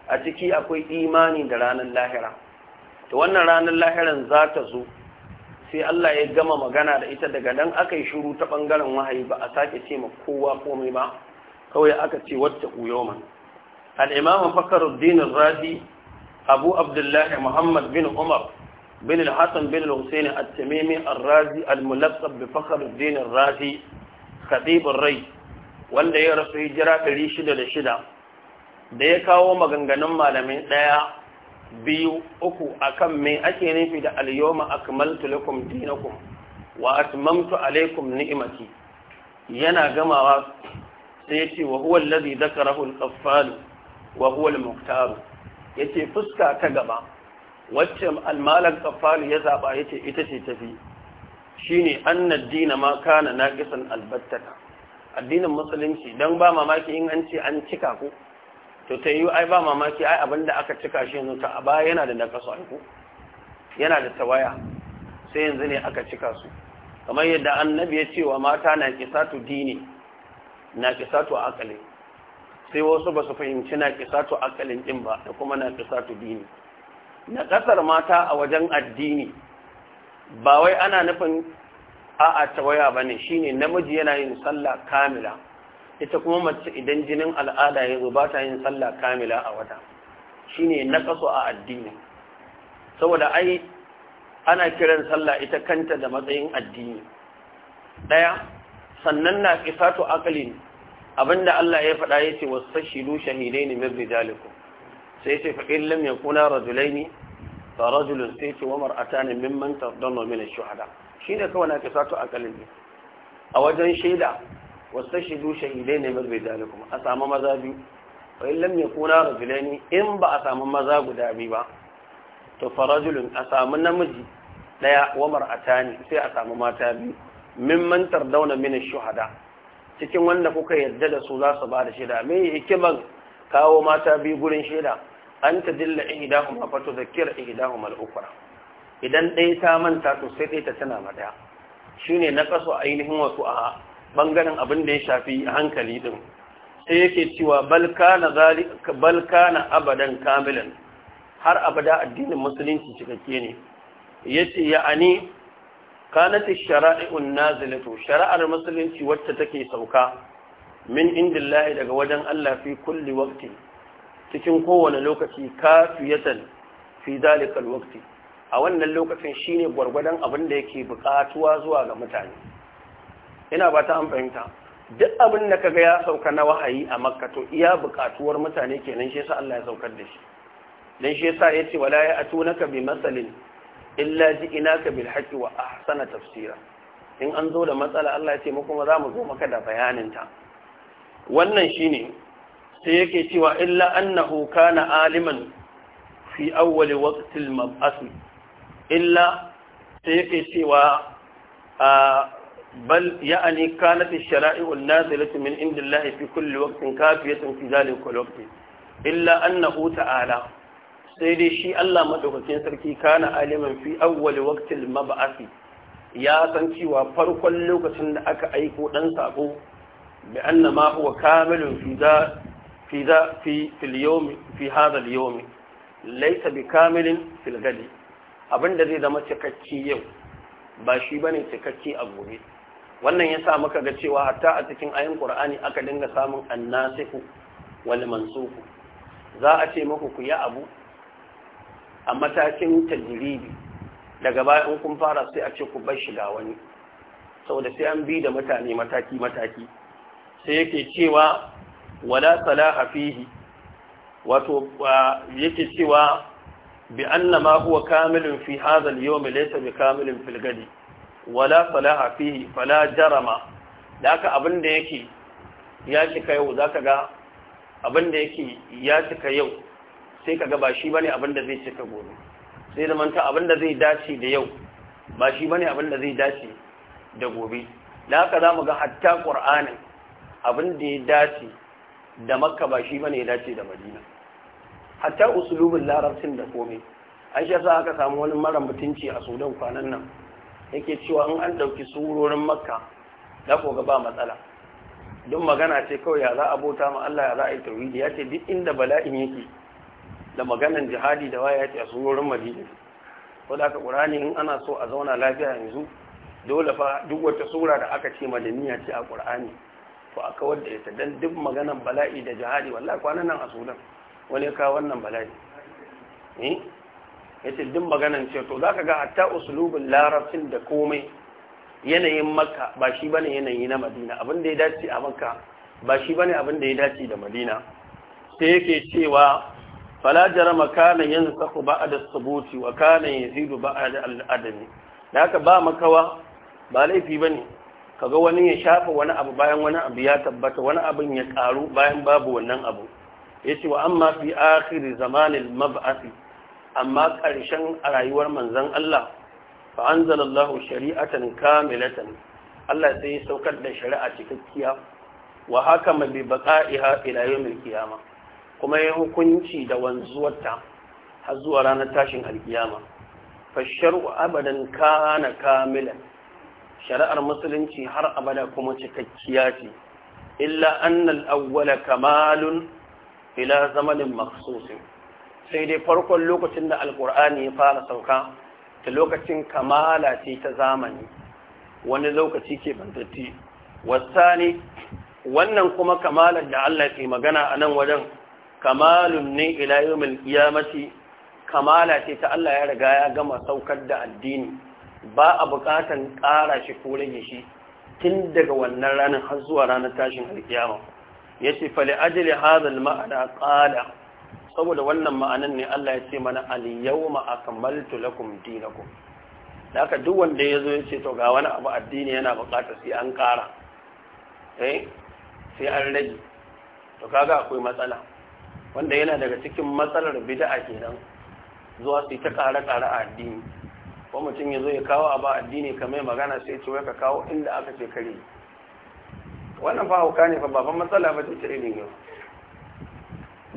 a ciki akwai imani da ranar lahira to wannan ranar lahiran za ta zo sai Allah ya gama magana da ita daga nan aka yi shuru ta bangaren wahayi ba a sake ce ma kowa komai ba kawai aka ce wacce uyoman. uyoma al'imamun fakaruddin razi abu abdullahi muhammad bin umar bin hassan bin al-husaini at-tamimi ar-razi al-mulaqab bi rai wanda ya rasu hijira 606 da ya kawo maganganun malamai daya biyu uku akan me ake nufi da al-yawma akmaltu lakum dinakum wa atmamtu alaykum ni'mati yana gamawa sai ya ce wa huwa allazi dhakarahu al-qaffal wa huwa al ya ce fuska ta gaba wacce almalar kafali ya zaba ya ce ita ce tafi shi ne annar dina ma kana na kisan albattaka addinin musulunci don ba mamaki in an ce an cika ku to ta yi ai ba mamaki ai abinda aka cika shi yanzu ta ba yana da nakasu ku yana da tawaya sai yanzu ne aka cika su kamar yadda annabi ya ce wa mata na kisatu dini na kisatu akali sai wasu ba su fahimci na kisa to akalin ɗin ba da kuma na kisa to dini na ƙasar mata a wajen addini ba wai ana nufin a'a ta waya ba ne shine namiji yana yin sallah kamila ita kuma mace idan jinin al'ada ya zo ba ta yin sallah kamila a wata shine na kaso a addini saboda ai ana kiran sallah ita kanta da matsayin addini ɗaya sannan na kisa to akalin abinda Allah ya faɗa ya ce wasu shidu shahidai ne min rijalikum sai ce faɗin lam ya kuna rajulaini fa rajulun sai ce wa mar'ata ne don tardano min shuhada Shi ne kawai na kisatu a kalin a wajen shaida wasu shidu shahidai ne min rijalikum a samu maza biyu fa in lam ya kuna rajulaini in ba a samu maza guda biyu ba to fa rajulun a samu namiji ɗaya wa mar'ata ne sai a samu mata biyu Min mantar dauna min shuhada cikin wanda kuka yarda da su za su ba da shaida me hikiman kawo mata biyu gurin shaida an ta dilla ihdahuma fa in yi al-ukhra idan ɗaya ta manta to sai ɗaya ta tana ma Shi shine na kaso ainihin wasu a bangaren abin da ya shafi hankali ɗin. sai yake cewa bal kana abadan kamilan har abada addinin musulunci cikakke ne yace ya'ani kanati shara'i'un nazilatu shari'ar musulunci wacce take sauka min indillahi daga wajen Allah fi kulli waqti cikin kowane lokaci kafiyatan fi dalikal alwaqti a wannan lokacin shine gurgurdan abin da yake bukatuwa zuwa ga mutane ina ba ta an fahimta duk abin da kaga ya sauka na wahayi a makka to iya bukatuwar mutane kenan shi yasa Allah ya saukar da shi dan shi yasa yace wala ya atunaka bi masalin illa ji ina ka bil haƙi wa ahsana tafsira in an zo da matsala Allah ya ce kuma za mu zo maka da bayaninta wannan shi ne sai yake cewa illa annahu kana aliman fi awwal waqtil mab'ath illa sai yake cewa bal ya'ani بل يعني كانت الشرائع النازلة من عند الله في كل وقت fi في ذلك waqti. إلا annahu ta'ala. sai dai shi Allah madaukakin sarki kana aliman fi awwal waqtil mab'asi ya san cewa farkon lokacin da aka aiko dan sako bi anna ma huwa kamilun fi da fi da fi fil yawm fi hadha al bi kamilin fil gadi abinda zai zama cikakki yau ba shi bane cikakki a gobe wannan yasa muka ga cewa hatta a cikin ayin qur'ani aka dinga samun annasiku wal mansuku za a ce muku ku yi abu a matakin tajiribi daga baya in kun fara sai a ce ku bar shiga wani saboda sai an bi da mutane mataki-mataki sai yake cewa wala salaha fihi wato yake cewa bi anna ma huwa kamilun fi hadha al-yawm laysa bi kamilin fil gadi wala salaha fihi fala jarama da haka abin da yake ya cika yau zaka ga abin da yake ya cika yau sai ka ba shi bane abin da zai ka gobe sai da manta abin zai dace da yau ba shi bane abin zai dace da gobe da haka za mu ga hatta ƙur'anin abin da ya dace da makka ba shi bane ya dace da madina hatta usulubin larabcin da komai an sha sa aka samu wani mara mutunci a sudan kwanan nan yake cewa in an ɗauki surorin makka da ko ba matsala don magana ce kawai ya za a bauta ma Allah ya za a yi tauhidi ya ce duk inda bala'in yake da maganan jihadi da waya ya su wurin madina ko da aka ƙurani in ana so a zauna lafiya yanzu dole fa duk wata sura da aka ce madaniya ce a ƙur'ani to aka wadda ya ita dan duk maganan bala'i da jihadi wallahi kwanan nan a sudan wani ka wannan bala'i eh yace duk maganan ce to zaka ga hatta uslubul larafin da komai yanayin makka ba shi bane yanayi na madina abin da ya dace a makka ba shi bane abin da ya dace da madina sai yake cewa fala jarama yanzu yansahu ba'da subuti wa kana yazidu ba'da al da haka ba makawa ba laifi bane kaga wani ya shafa wani abu bayan wani abu ya tabbata wani abin ya karu bayan babu wannan abu yace wa amma fi akhir zamanil mab'ath amma karshen a rayuwar manzon Allah fa anzalallahu shari'atan kamilatan Allah sai ya saukar da shari'a cikakkiya wa hakama bi baqa'iha ila yawmil qiyamah kuma ya hukunci da wanzuwarta har zuwa ranar tashin alkiyama fashar abadan kana kamilan shari'ar musulunci har abada kuma cikakkiya ce illa annal awwala kamalun ila zamanin maksusin sai dai farkon lokacin da alkur'ani ya fara sauka ta lokacin kamala ce ta zamani wani lokaci ke bantatti wasa ne wannan kuma kamalar da Allah ke magana a nan wajen kamalun ne ila yawmil qiyamati kamala ce ta Allah ya riga ya gama saukar da addini ba a buƙatan ƙara shi ko rage shi tun daga wannan ranar har zuwa ranar tashin alkiyama yace fa li ajli hadha al ma'ana qala saboda wannan ma'anan ne Allah ya ce mana al yawma akmaltu lakum dinakum haka duk wanda ya zo ya ce to ga wani abu addini yana buƙatar sai an ƙara eh sai an rage to kaga akwai matsala wanda yana daga cikin matsalar bid'a kenan zuwa su ta ƙara ƙara a addini ko mutum ya zo ya kawo a ba addini kamar magana sai ce ka kawo inda aka ce kare wannan fa hauka ne fa baban matsala ba ta irin yau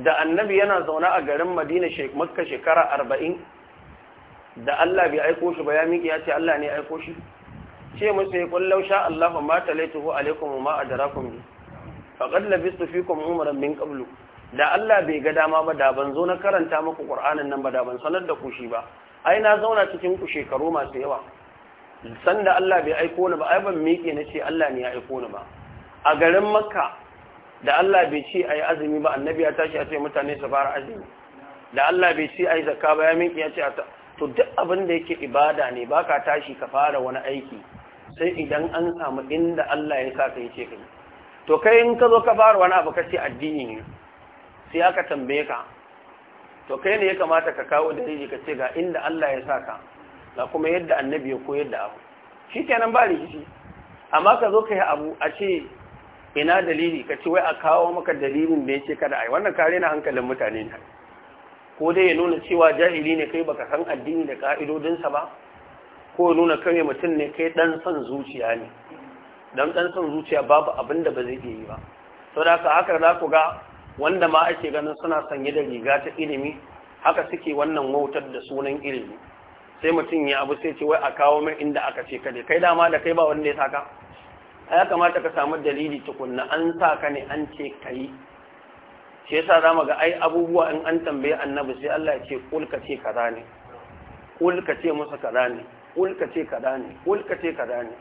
da annabi yana zauna a garin madina makka shekara arba'in da Allah bai aiko shi ba ya miƙi ya ce Allah ne aiko shi ce musu ya kullau sha Allah ma talaituhu alaikum ma adrakum bi faqad labistu kuma umran min qablu da Allah bai ga dama ba da ban zo na karanta muku Qur'anin nan ba da ban sanar da ku shi ba ai na zauna cikin ku shekaru masu yawa san da Allah bai aiko ni ba ai ban miƙe na ce Allah ne ya aiko ni ba a garin Makka da Allah bai ce ai azumi ba annabi ya tashi ya ce mutane su fara azumi da Allah bai ce ai zakka ba ya miƙe ya ce to duk abin da yake ibada ne baka tashi ka fara wani aiki sai idan an samu inda Allah ya saka yace kai to kai in ka zo ka fara wani abu kace addini ne sai aka tambaye ka to kai ne ya kamata ka kawo dalili ka ce ga inda Allah ya saka ga kuma yadda annabi ya koyar da abu shi kenan ba rikici amma ka zo ka yi abu a ce ina dalili ka ce wai a kawo maka dalilin da ya ce kada ai wannan kare na hankalin mutane ne ko dai ya nuna cewa jahili ne kai baka san addini da ka'idodinsa ba ko ya nuna kai mutum ne kai dan son zuciya ne dan dan son zuciya babu abin da ba zai yi ba saboda haka haka za ku ga wanda ma ake ganin suna sanye da riga ta ilimi haka suke wannan wautar da sunan ilimi sai mutum ya abu sai ce wai a kawo min inda aka ce ka kai dama da kai ba wanda ya saka ya kamata ka samu dalili tukunna an saka ne an ce kai shi yasa mu ga ai abubuwa in an tambaye annabi sai Allah ya ce kul ka ce kaza ne kul ka ce musu kaza ne kul ka ce kaza ne kul ka ce kaza ne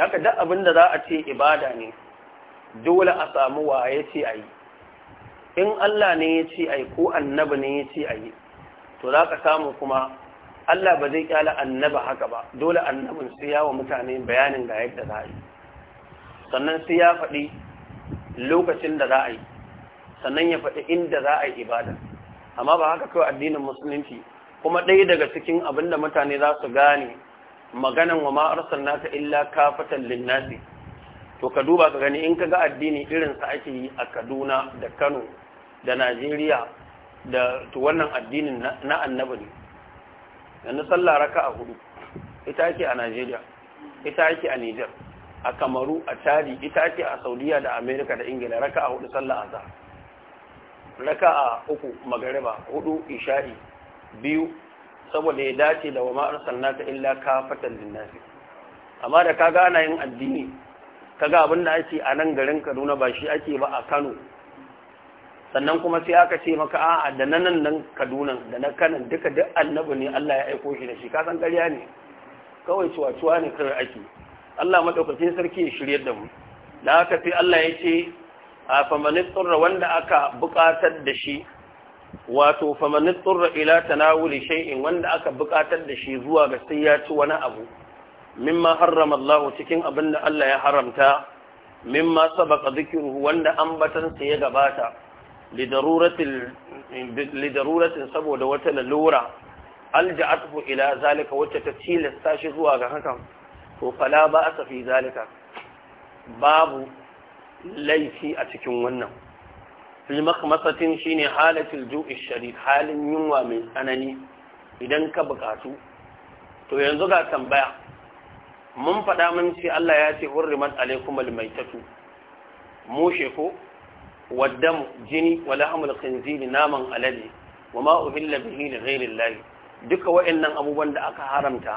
haka duk abin da za a ce ibada ne dole a samu waye ce yi. in Allah ne ya ce ai ko annabi ne ya ce ai to za ka samu kuma Allah ba zai kyala annaba haka ba dole annabin sai ya wa mutane bayanin ga yadda za a yi sannan sai ya faɗi lokacin da za a yi sannan ya faɗi inda za a yi ibada amma ba haka kawai addinin musulunci kuma ɗaya daga cikin abin da mutane za su gane maganan wa ma arsalna ka illa kafatan linnasi to ka duba ka gani in ka ga addini irin sa ake yi a Kaduna da Kano da najeriya da wannan addinin na annabi ne yanzu sallah raka a hudu ita ake a najeriya ita ake a niger a kamaru a chadi ita ake a saudiya da amerika da ingila raka a hudu sallah a azhar raka a uku magariba hudu isha'i biyu saboda ya dace da wa ma'ar sannata illa kafatan linnafi amma da kaga ana yin addini kaga abin da ake a nan garin kaduna ba shi ake ba a kano sannan kuma sai aka ce maka a'a da nan nan kaduna da na kanan duka duk annabi ne Allah ya aiko shi da shi kasan ƙarya ne kawai cuwa-cuwa ne kawai ake Allah maɗaukacin sarki ya shirya da mu da aka Allah ya ce a famanin tsurra wanda aka buƙatar da shi wato famanin tsurra ila tanawuli shay'in wanda aka buƙatar da shi zuwa ga sai ya ci wani abu mimma harrama Allah cikin abin da Allah ya haramta mimma sabaka zikiru wanda ambatansa ya gabata lidaruratin saboda wata lalura alja'atuhu ila zalika wacce ta tilasta shi zuwa ga hakan to fala ba a safi zalika babu laifi a cikin wannan fil makmasatin shine halatul ju'i shadid halin yunwa mai tsanani idan ka bukatu to yanzu ga tambaya mun faɗa mun ce Allah ya ce hurrimat alaikum almaitatu mushe ko والدم جني ولحم الخنزير ناما الذي وما أهل به لغير الله دك وإن أبو بند أكا حرمتا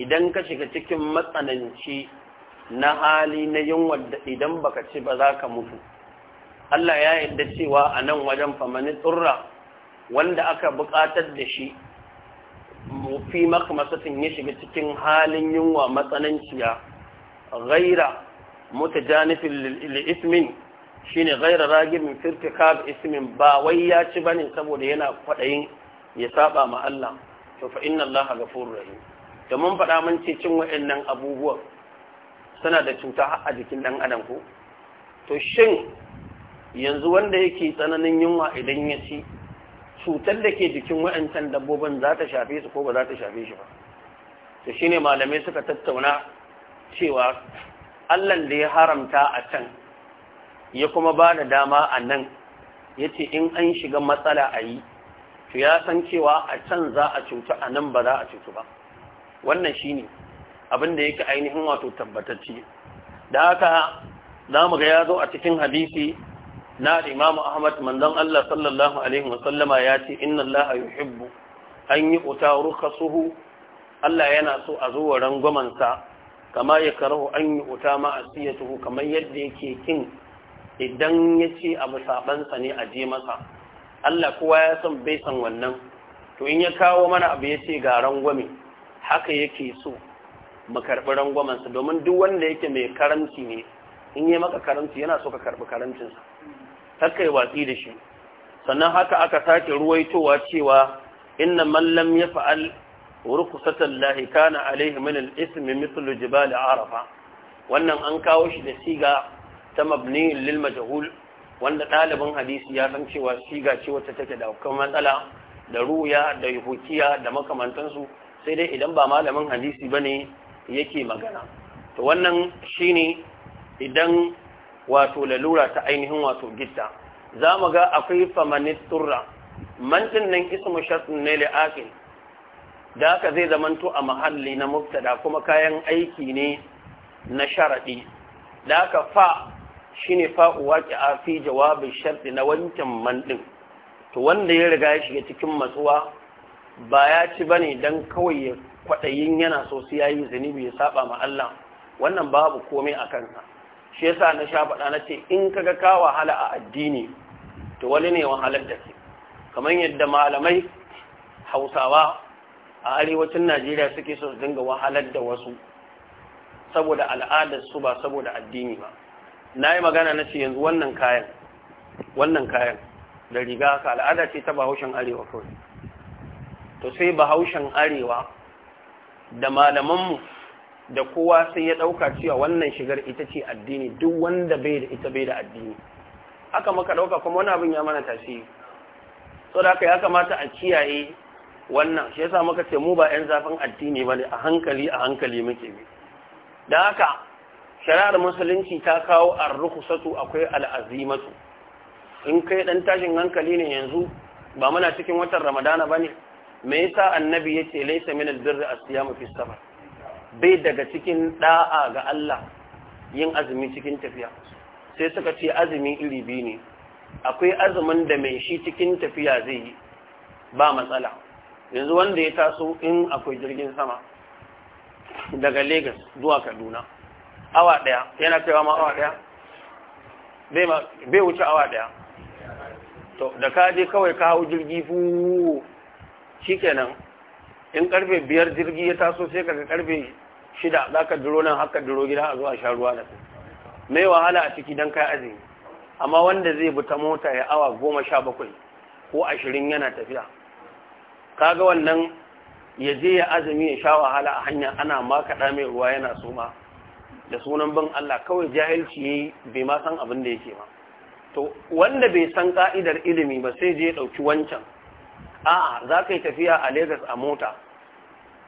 idan ka shiga cikin matsananci na hali na yunwa idan baka ci ba za ka mutu Allah ya yarda cewa a nan wajen famani tsurra wanda aka buƙatar da shi fi makamasatin ya shiga cikin halin yunwa matsananciya ghaira mutajanifin lil ismin shine ghaira ragibin firtikab ismin ba wai ya ci bane saboda yana kwadayin ya saba ma Allah to fa inna Allah ghafurur rahim to mun faɗa mun ce cin wayannan abubuwan suna da cuta a jikin dan adam ko to shin yanzu wanda yake tsananin yunwa idan ya ci cutar da ke jikin wayancan dabbobin za ta shafe su ko ba za ta shafe shi ba to shine malamai suka tattauna cewa Allah da ya haramta a can ya kuma ba da dama a nan ya ce in an shiga matsala a yi to ya san cewa a can za a cuta a nan ba za a cutu ba wannan shi ne abinda yake ainihin wato tabbatacci da haka za mu ga ya zo a cikin hadisi na imamu ahmad manzon allah sallallahu alaihi wasallama ya ce inna allah yuhibbu an yi uta suhu. allah yana so a zo rangwamansa kama ya karahu an yi uta ma'asiyatuhu kamar yadda yake kin idan ya ce abu sabansa ne a je masa Allah kowa ya san bai san wannan to in ya kawo mana abu ya ce ga rangwame haka yake so mu karɓi rangwamansa domin duk wanda yake mai karamci ne in yi maka karamci yana so ka karɓi karamcinsa takai watsi da shi sannan haka aka sake ruwaitowa cewa inna Mallam ya yaf'al rukusatan lahi kana alaihi min al-ismi mithlu jibal arafa wannan an kawo shi da siga ta mabni lil majhul wanda ɗalibin hadisi ya san cewa siga ce wacce take da kuma matsala da ruya da hukiya da makamantansu sai dai idan ba malamin hadisi bane yake magana to wannan shine idan wato lalura ta ainihin wato gitta za mu ga akwai famanit turra mantin nan ismu shartun ne akil da haka zai zamanto a mahalli na mubtada kuma kayan aiki ne na sharadi da haka fa Shi shine fa'u a fi jawabin sharti na wancan man ɗin. to wanda ya riga ya shiga cikin matsuwa ba ya ci ba ne don kawai ya kwaɗayin yana so su yayi zunubi ya saba ma Allah wannan babu komai a kansa shi yasa na sha faɗa na ce in kaga ka wahala a addini to wani ne wahalar da kamar yadda malamai hausawa a arewacin najeriya suke so su dinga wahalar da wasu saboda al'adarsu ba saboda addini ba na yi magana na ce yanzu wannan kayan wannan kayan da riga haka al'ada ce ta bahaushen arewa kawai to sai bahaushen arewa da malamanmu da kowa sai ya ɗauka cewa wannan shigar ita ce addini duk wanda bai da ita bai da addini aka maka ɗauka kuma wani abin ya mana tasiri so da aka ya kamata a kiyaye wannan shi yasa muka ce mu ba 'yan zafin addini ba ne a hankali a hankali muke bi da haka shari'ar musulunci ta kawo ar akwai al'azimatu. in kai ɗan tashin hankali ne yanzu ba muna cikin watan ramadana ba ne. me sa annabi ya ce laisa minal birri as fi safar bai daga cikin da'a ga Allah yin azumi cikin tafiya sai suka ce azumi iri biyu ne akwai azumin da mai shi cikin tafiya zai yi ba matsala yanzu wanda ya taso in akwai jirgin sama daga Legas zuwa Kaduna awa ɗaya yana cewa ma awa ɗaya bai wuce awa ɗaya to da ka je kawai ka hau jirgi fu shikenan in karfe biyar jirgi ya taso sai ka karfe shida za ka duro nan haka duro gida a zuwa sha ruwa da su mai wahala a ciki don kai azumi amma wanda zai bi ta mota ya awa goma sha bakwai ko ashirin yana tafiya Ka ga wannan ya je ya azumi ya sha wahala a hanya ana makaɗa mai ruwa yana suma da sunan ban Allah kawai jahilci ne bai ma san abin da yake ba to wanda bai san ka'idar ilimi ba sai je ya dauki wancan a'a za ka yi tafiya a Legas a mota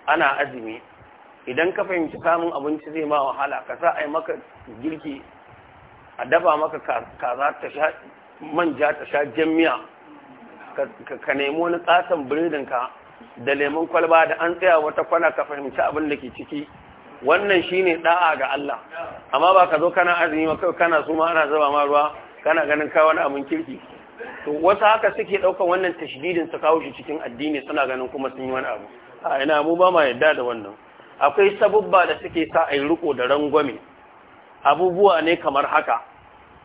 ana azumi idan ka fahimci kamun abinci zai ma wahala ka sa ai maka girki a dafa maka kaza ta sha manja ta sha jamiya ka nemi wani katon ka da lemon kwalba da an tsaya wata kwana ka fahimci abin da ke ciki wannan shine ɗa'a ga Allah amma ba ka zo kana azumi ma kai kana suma ana zuba ma ruwa kana ganin kawo wani abin kirki to wasu haka suke daukan wannan tashdidin su kawo shi cikin addini suna ganin kuma sun yi wani abu a ina mu ba ma yadda da wannan akwai sabubba da suke sa a yi riko da rangwame abubuwa ne kamar haka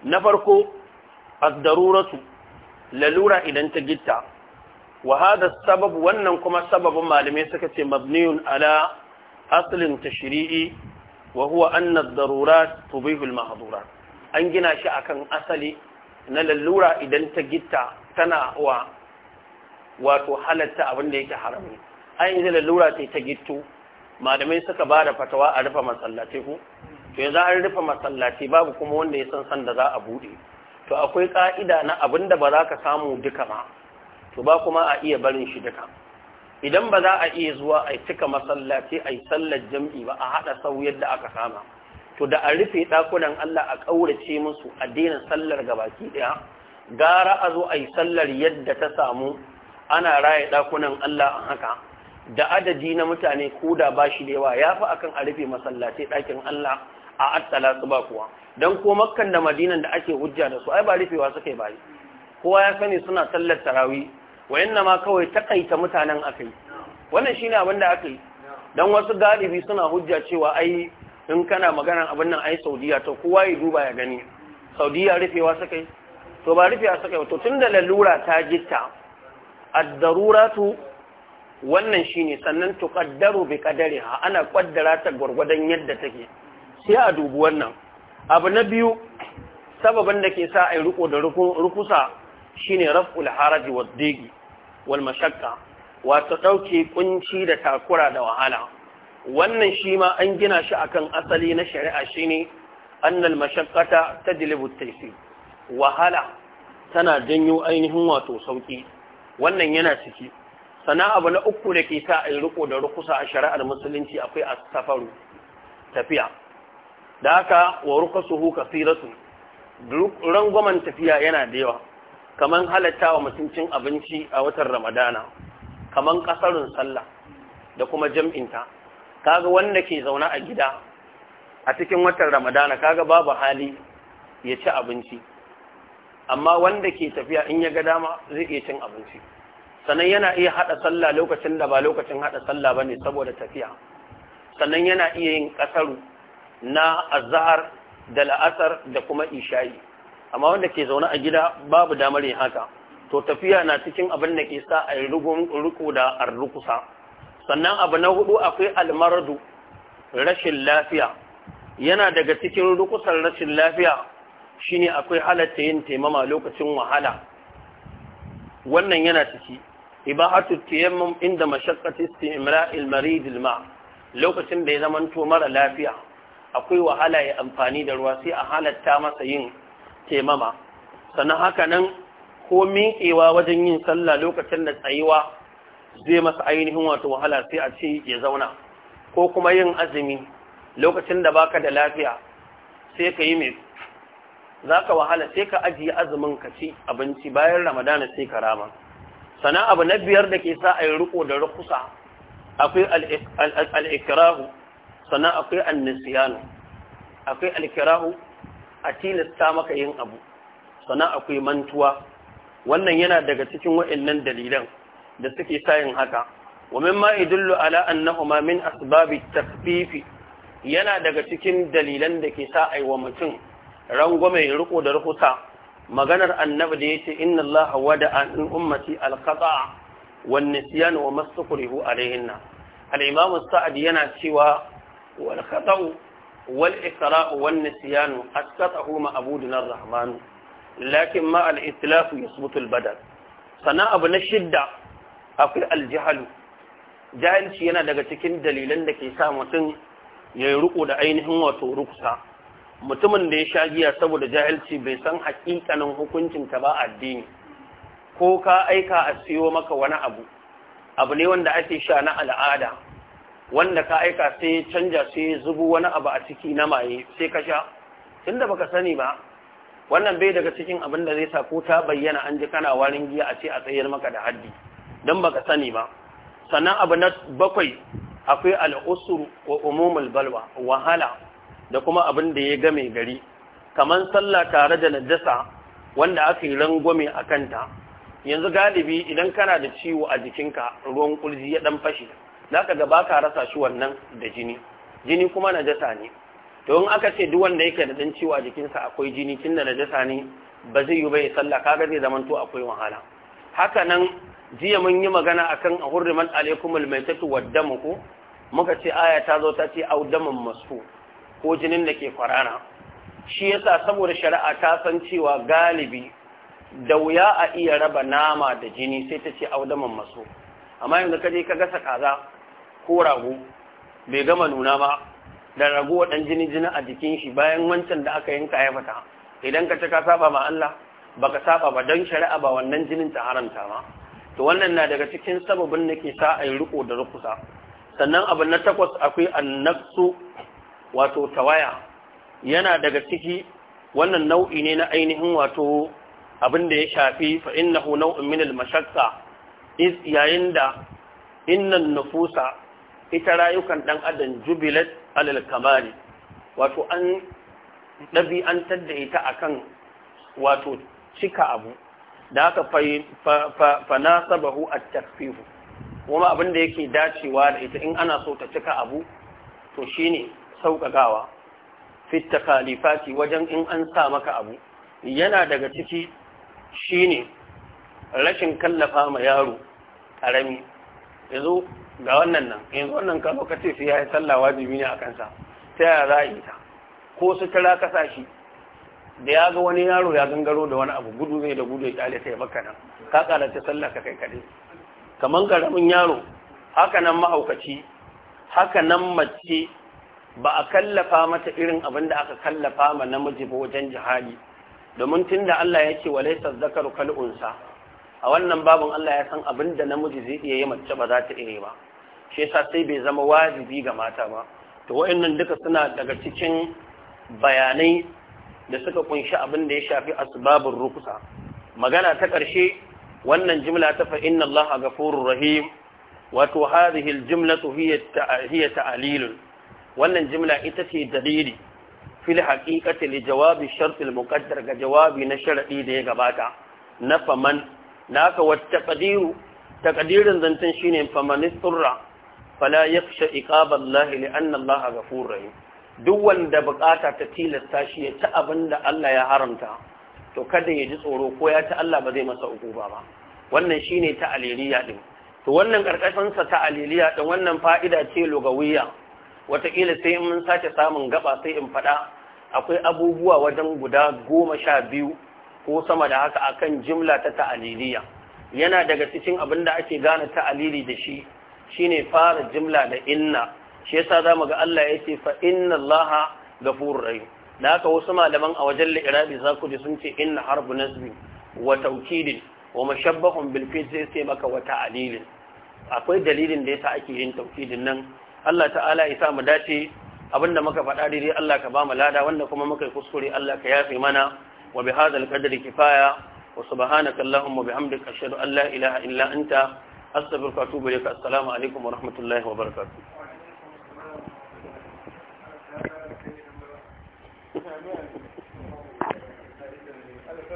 na farko addaruratu lalura idan ta gitta wa hada sabab wannan kuma sababin malamai suka ce mabniyun ala Asalin tashiri'i wa huwa anna ad-darurat mahdura an gina shi akan asali na lallura idan ta gitta tana wa wato halatta abin da yake harami an yi lallura ta ta gitto malamai suka ba da fatawa a rufe masallatai ku. to yanzu an rufe masallaci babu kuma wanda ya san san da za a bude to akwai ka'ida na abin da ba za ka samu duka ba to ba kuma a iya barin shi duka idan ba za a iya zuwa a cika masallaci a yi sallar jam'i ba a haɗa sau yadda aka kama to da a rufe ɗakunan Allah a ƙaurace musu a daina sallar ga baki ɗaya gara a zo a yi sallar yadda ta samu ana raya ɗakunan Allah a haka da adadi na mutane ko da ba shi da yawa ya fi akan a rufe masallaci ɗakin Allah a attala su ba kuwa don ko makkan da madinan da ake hujja da su ai ba rufewa suka yi bayi kowa ya sani suna sallar tarawih Wa ma kawai takaita mutanen akai wannan shine abin da akai dan wasu galibi suna hujja cewa ai in kana magana abin nan ai Saudiya to kowa ya duba ya gani Saudiya rufewa suka to ba rufewa sakai to tunda lalura ta jitta ad-daruratu wannan shine sannan tuqaddaru bi qadariha ana kaddara ta gurgurdan yadda take sai a dubi wannan abu na biyu sababin da ke sa ai riko da rukusa shine raf'ul haraji wad-digi wal wato dauke kunci da takura da wahala wannan shi ma an gina shi akan asali na shari'a shine annal mashakkata, ta at-taysir wahala tana janyo ainihin wato sauki wannan yana ciki sana abu na uku da ke sa a riko da rukusa a shari'ar musulunci akwai a safaru tafiya da haka wa rukasuhu kasiratu rangwamen tafiya yana da yawa kaman halatta wa mutuncin abinci a watan ramadana kaman kasarun sallah da kuma jam'inta kaga wanda ke zauna a gida a cikin watan ramadana kaga babu hali ya ci abinci amma wanda ke tafiya in ya ga dama zai iya cin abinci sannan yana iya haɗa sallah lokacin da ba lokacin haɗa sallah ba ne saboda tafiya sannan yana iya yin ƙasaru na azahar da la'asar da kuma isha'i amma wanda ke zaune a gida babu damar yin haka to tafiya na cikin abin da ke sa a yi ruku da arrukusa sannan abu na hudu akwai almaradu rashin lafiya yana daga cikin rukusar rashin lafiya shine akwai halatta yin taimama lokacin wahala wannan yana ciki ibahatu tayammum inda mashaqqati istimra'il marid alma lokacin da ya zamanto mara lafiya akwai wahala ya amfani da ruwa sai a halatta masa yin taimama sannan haka nan ko miƙewa wajen yin sallah lokacin da tsayuwa zai masa ainihin wato wahala sai a ce ya zauna ko kuma yin azumi lokacin da baka da lafiya sai ka yi mai za ka wahala sai ka ajiye azumin ka ci abinci bayan ramadana sai ka rama sana abu na biyar da ke sa a yi riko da rukusa akwai al'ikirahu sannan akwai annisiyanu akwai a tilasta maka yin abu sana akwai mantuwa wannan yana daga cikin waɗannan dalilan da suke sayin haka wa mimma idullu ala annahuma min asbabi takfifi yana daga cikin dalilan da ke sa aiwa mutum rangwame riko da rukuta maganar annabi da yace inna allaha wada an ummati alqata wan nisyan wa mastakrihu alayhinna al-imam sa'd yana cewa wal khata'u wal isra'u wan nisyanu asqatahu ma'budun ar-rahman lakin ma al-itlaf yasbutu al-badal sana na shidda akwai al jahilci yana daga cikin dalilan da ke sa mutum ya yi riko da ainihin wato ruksa mutumin da ya sha giya saboda jahilci bai san hakikanin hukuncin ta ba addini ko ka aika a siyo maka wani abu abu ne wanda ake sha na al'ada wanda ka aika sai canja sai ya zubo wani abu a ciki na maye sai ka sha tunda baka sani ba wannan bai daga cikin abin da zai sa ko ta bayyana an ji kana warin giya a ce a tsayar maka da haddi don baka sani ba sannan abu na bakwai akwai al'usur wa umumul balwa wahala da kuma abin da ya game gari kamar sallah tare da najasa wanda aka yi rangwame a kanta yanzu galibi idan kana da ciwo a jikinka ruwan kulji ya dan fashe za ka gaba ka rasa shi wannan da jini jini kuma na jasa ne to in aka ce duk wanda yake da dan ciwo a jikinsa akwai jini tun da najasa ne ba zai yi bai sallah kaga zai zaman akwai wahala haka nan jiya mun yi magana akan ahurriman alaikumul maitatu waddamu ko muka ce aya ta zo ta ce audaman masu ko jinin da ke kwarara shi yasa saboda shari'a ta san cewa galibi da wuya a iya raba nama da jini sai ta ce audaman masu amma yanzu ka je ka gasa kaza ko rago bai gama nuna ba da rago dan jini jini a jikin shi bayan wancan da aka yanka ya fata idan ka ci ka saba ma Allah baka saba ba dan shari'a ba wannan jinin ta haramta ma to wannan na daga cikin sababin da ke sa a riko da rukusa sannan abu na takwas akwai annaksu wato tawaya yana daga ciki wannan nau'i ne na ainihin wato abin da ya shafi fa innahu nau'in min al-mashaqqa is yayin da innan nufusa ita rayukan ɗan adam jubilat alal kamari wato an ɗabi'antar da ita akan wato cika abu da aka fana sabahu a tafifu kuma abin da yake dacewa da ita in ana so ta cika abu to shine sauƙaƙawa fit takalifati wajen in an sa maka abu yana daga ciki shine rashin kallafa ma yaro ƙarami yanzu ga wannan nan yanzu wannan ka ka sai ya yi sallah wajibi ne a kansa ta yaya za a yi ta ko su kira sa shi da ya ga wani yaro ya gangaro da wani abu gudu zai da gudu ya kyale ta ya baka nan ka ta sallah ka kai kaɗai kamar karamin yaro haka nan mahaukaci haka nan mace ba a kallafa mata irin abin da aka kallafa ma namiji ba wajen jihadi domin tun da Allah ya ce walaisa zakaru kal'unsa a wannan babin Allah ya san abin da namiji zai iya yi mace ba za ta iya yi ba shi yasa sai bai zama wajibi ga mata ba to wayannan duka suna daga cikin bayanai da suka kunshi abin da ya shafi asbabun rukusa magana ta ƙarshe wannan jimla ta fa inna allaha ghafurur rahim wato hadhihi aljumlatu hiya hiya ta'lil wannan jimla ita ce dalili fil haqiqati li jawabi shart muqaddar ga jawabi na sharadi da ya gabata na faman naka wat taqdiru taqdirin zantan shine famanisturra fala yakhsha iqaballahi li'anna allaha ghafurur rahim duk wanda bukata ta tilasta shi ya ci abin Allah ya haramta to kada ya ji tsoro ko ya ci Allah ba zai masa ukuba ba wannan shine ta aliliya din to wannan karkashin sa ta aliliya din wannan fa'ida ce wuya. wataƙila sai in mun sake samun gaba sai in faɗa akwai abubuwa wajen guda goma sha biyu ko sama da haka akan jimla ta ta'aliliya yana daga cikin abin da ake gane ta'alili da shi shine fara jimla da inna shi yasa zamu ga Allah ya ce fa inna Allaha ghafurur rahim da haka wasu malaman a wajen li'irabi za ku ji sun ce inna harfu nasbi wa taukidin wa mashabbahun bil fi'l sai maka wa ta'lilin akwai dalilin da ya yasa ake yin taukidin nan Allah ta'ala ya sa mu dace abinda muka faɗa daidai Allah ka ba mu lada wanda kuma muka yi kuskure Allah ka yafe mana wa bi hadha al-qadri kifaya wa subhanaka allahumma bihamdika ashhadu an la ilaha illa anta astaghfiruka wa atubu assalamu alaikum wa rahmatullahi wa barakatuh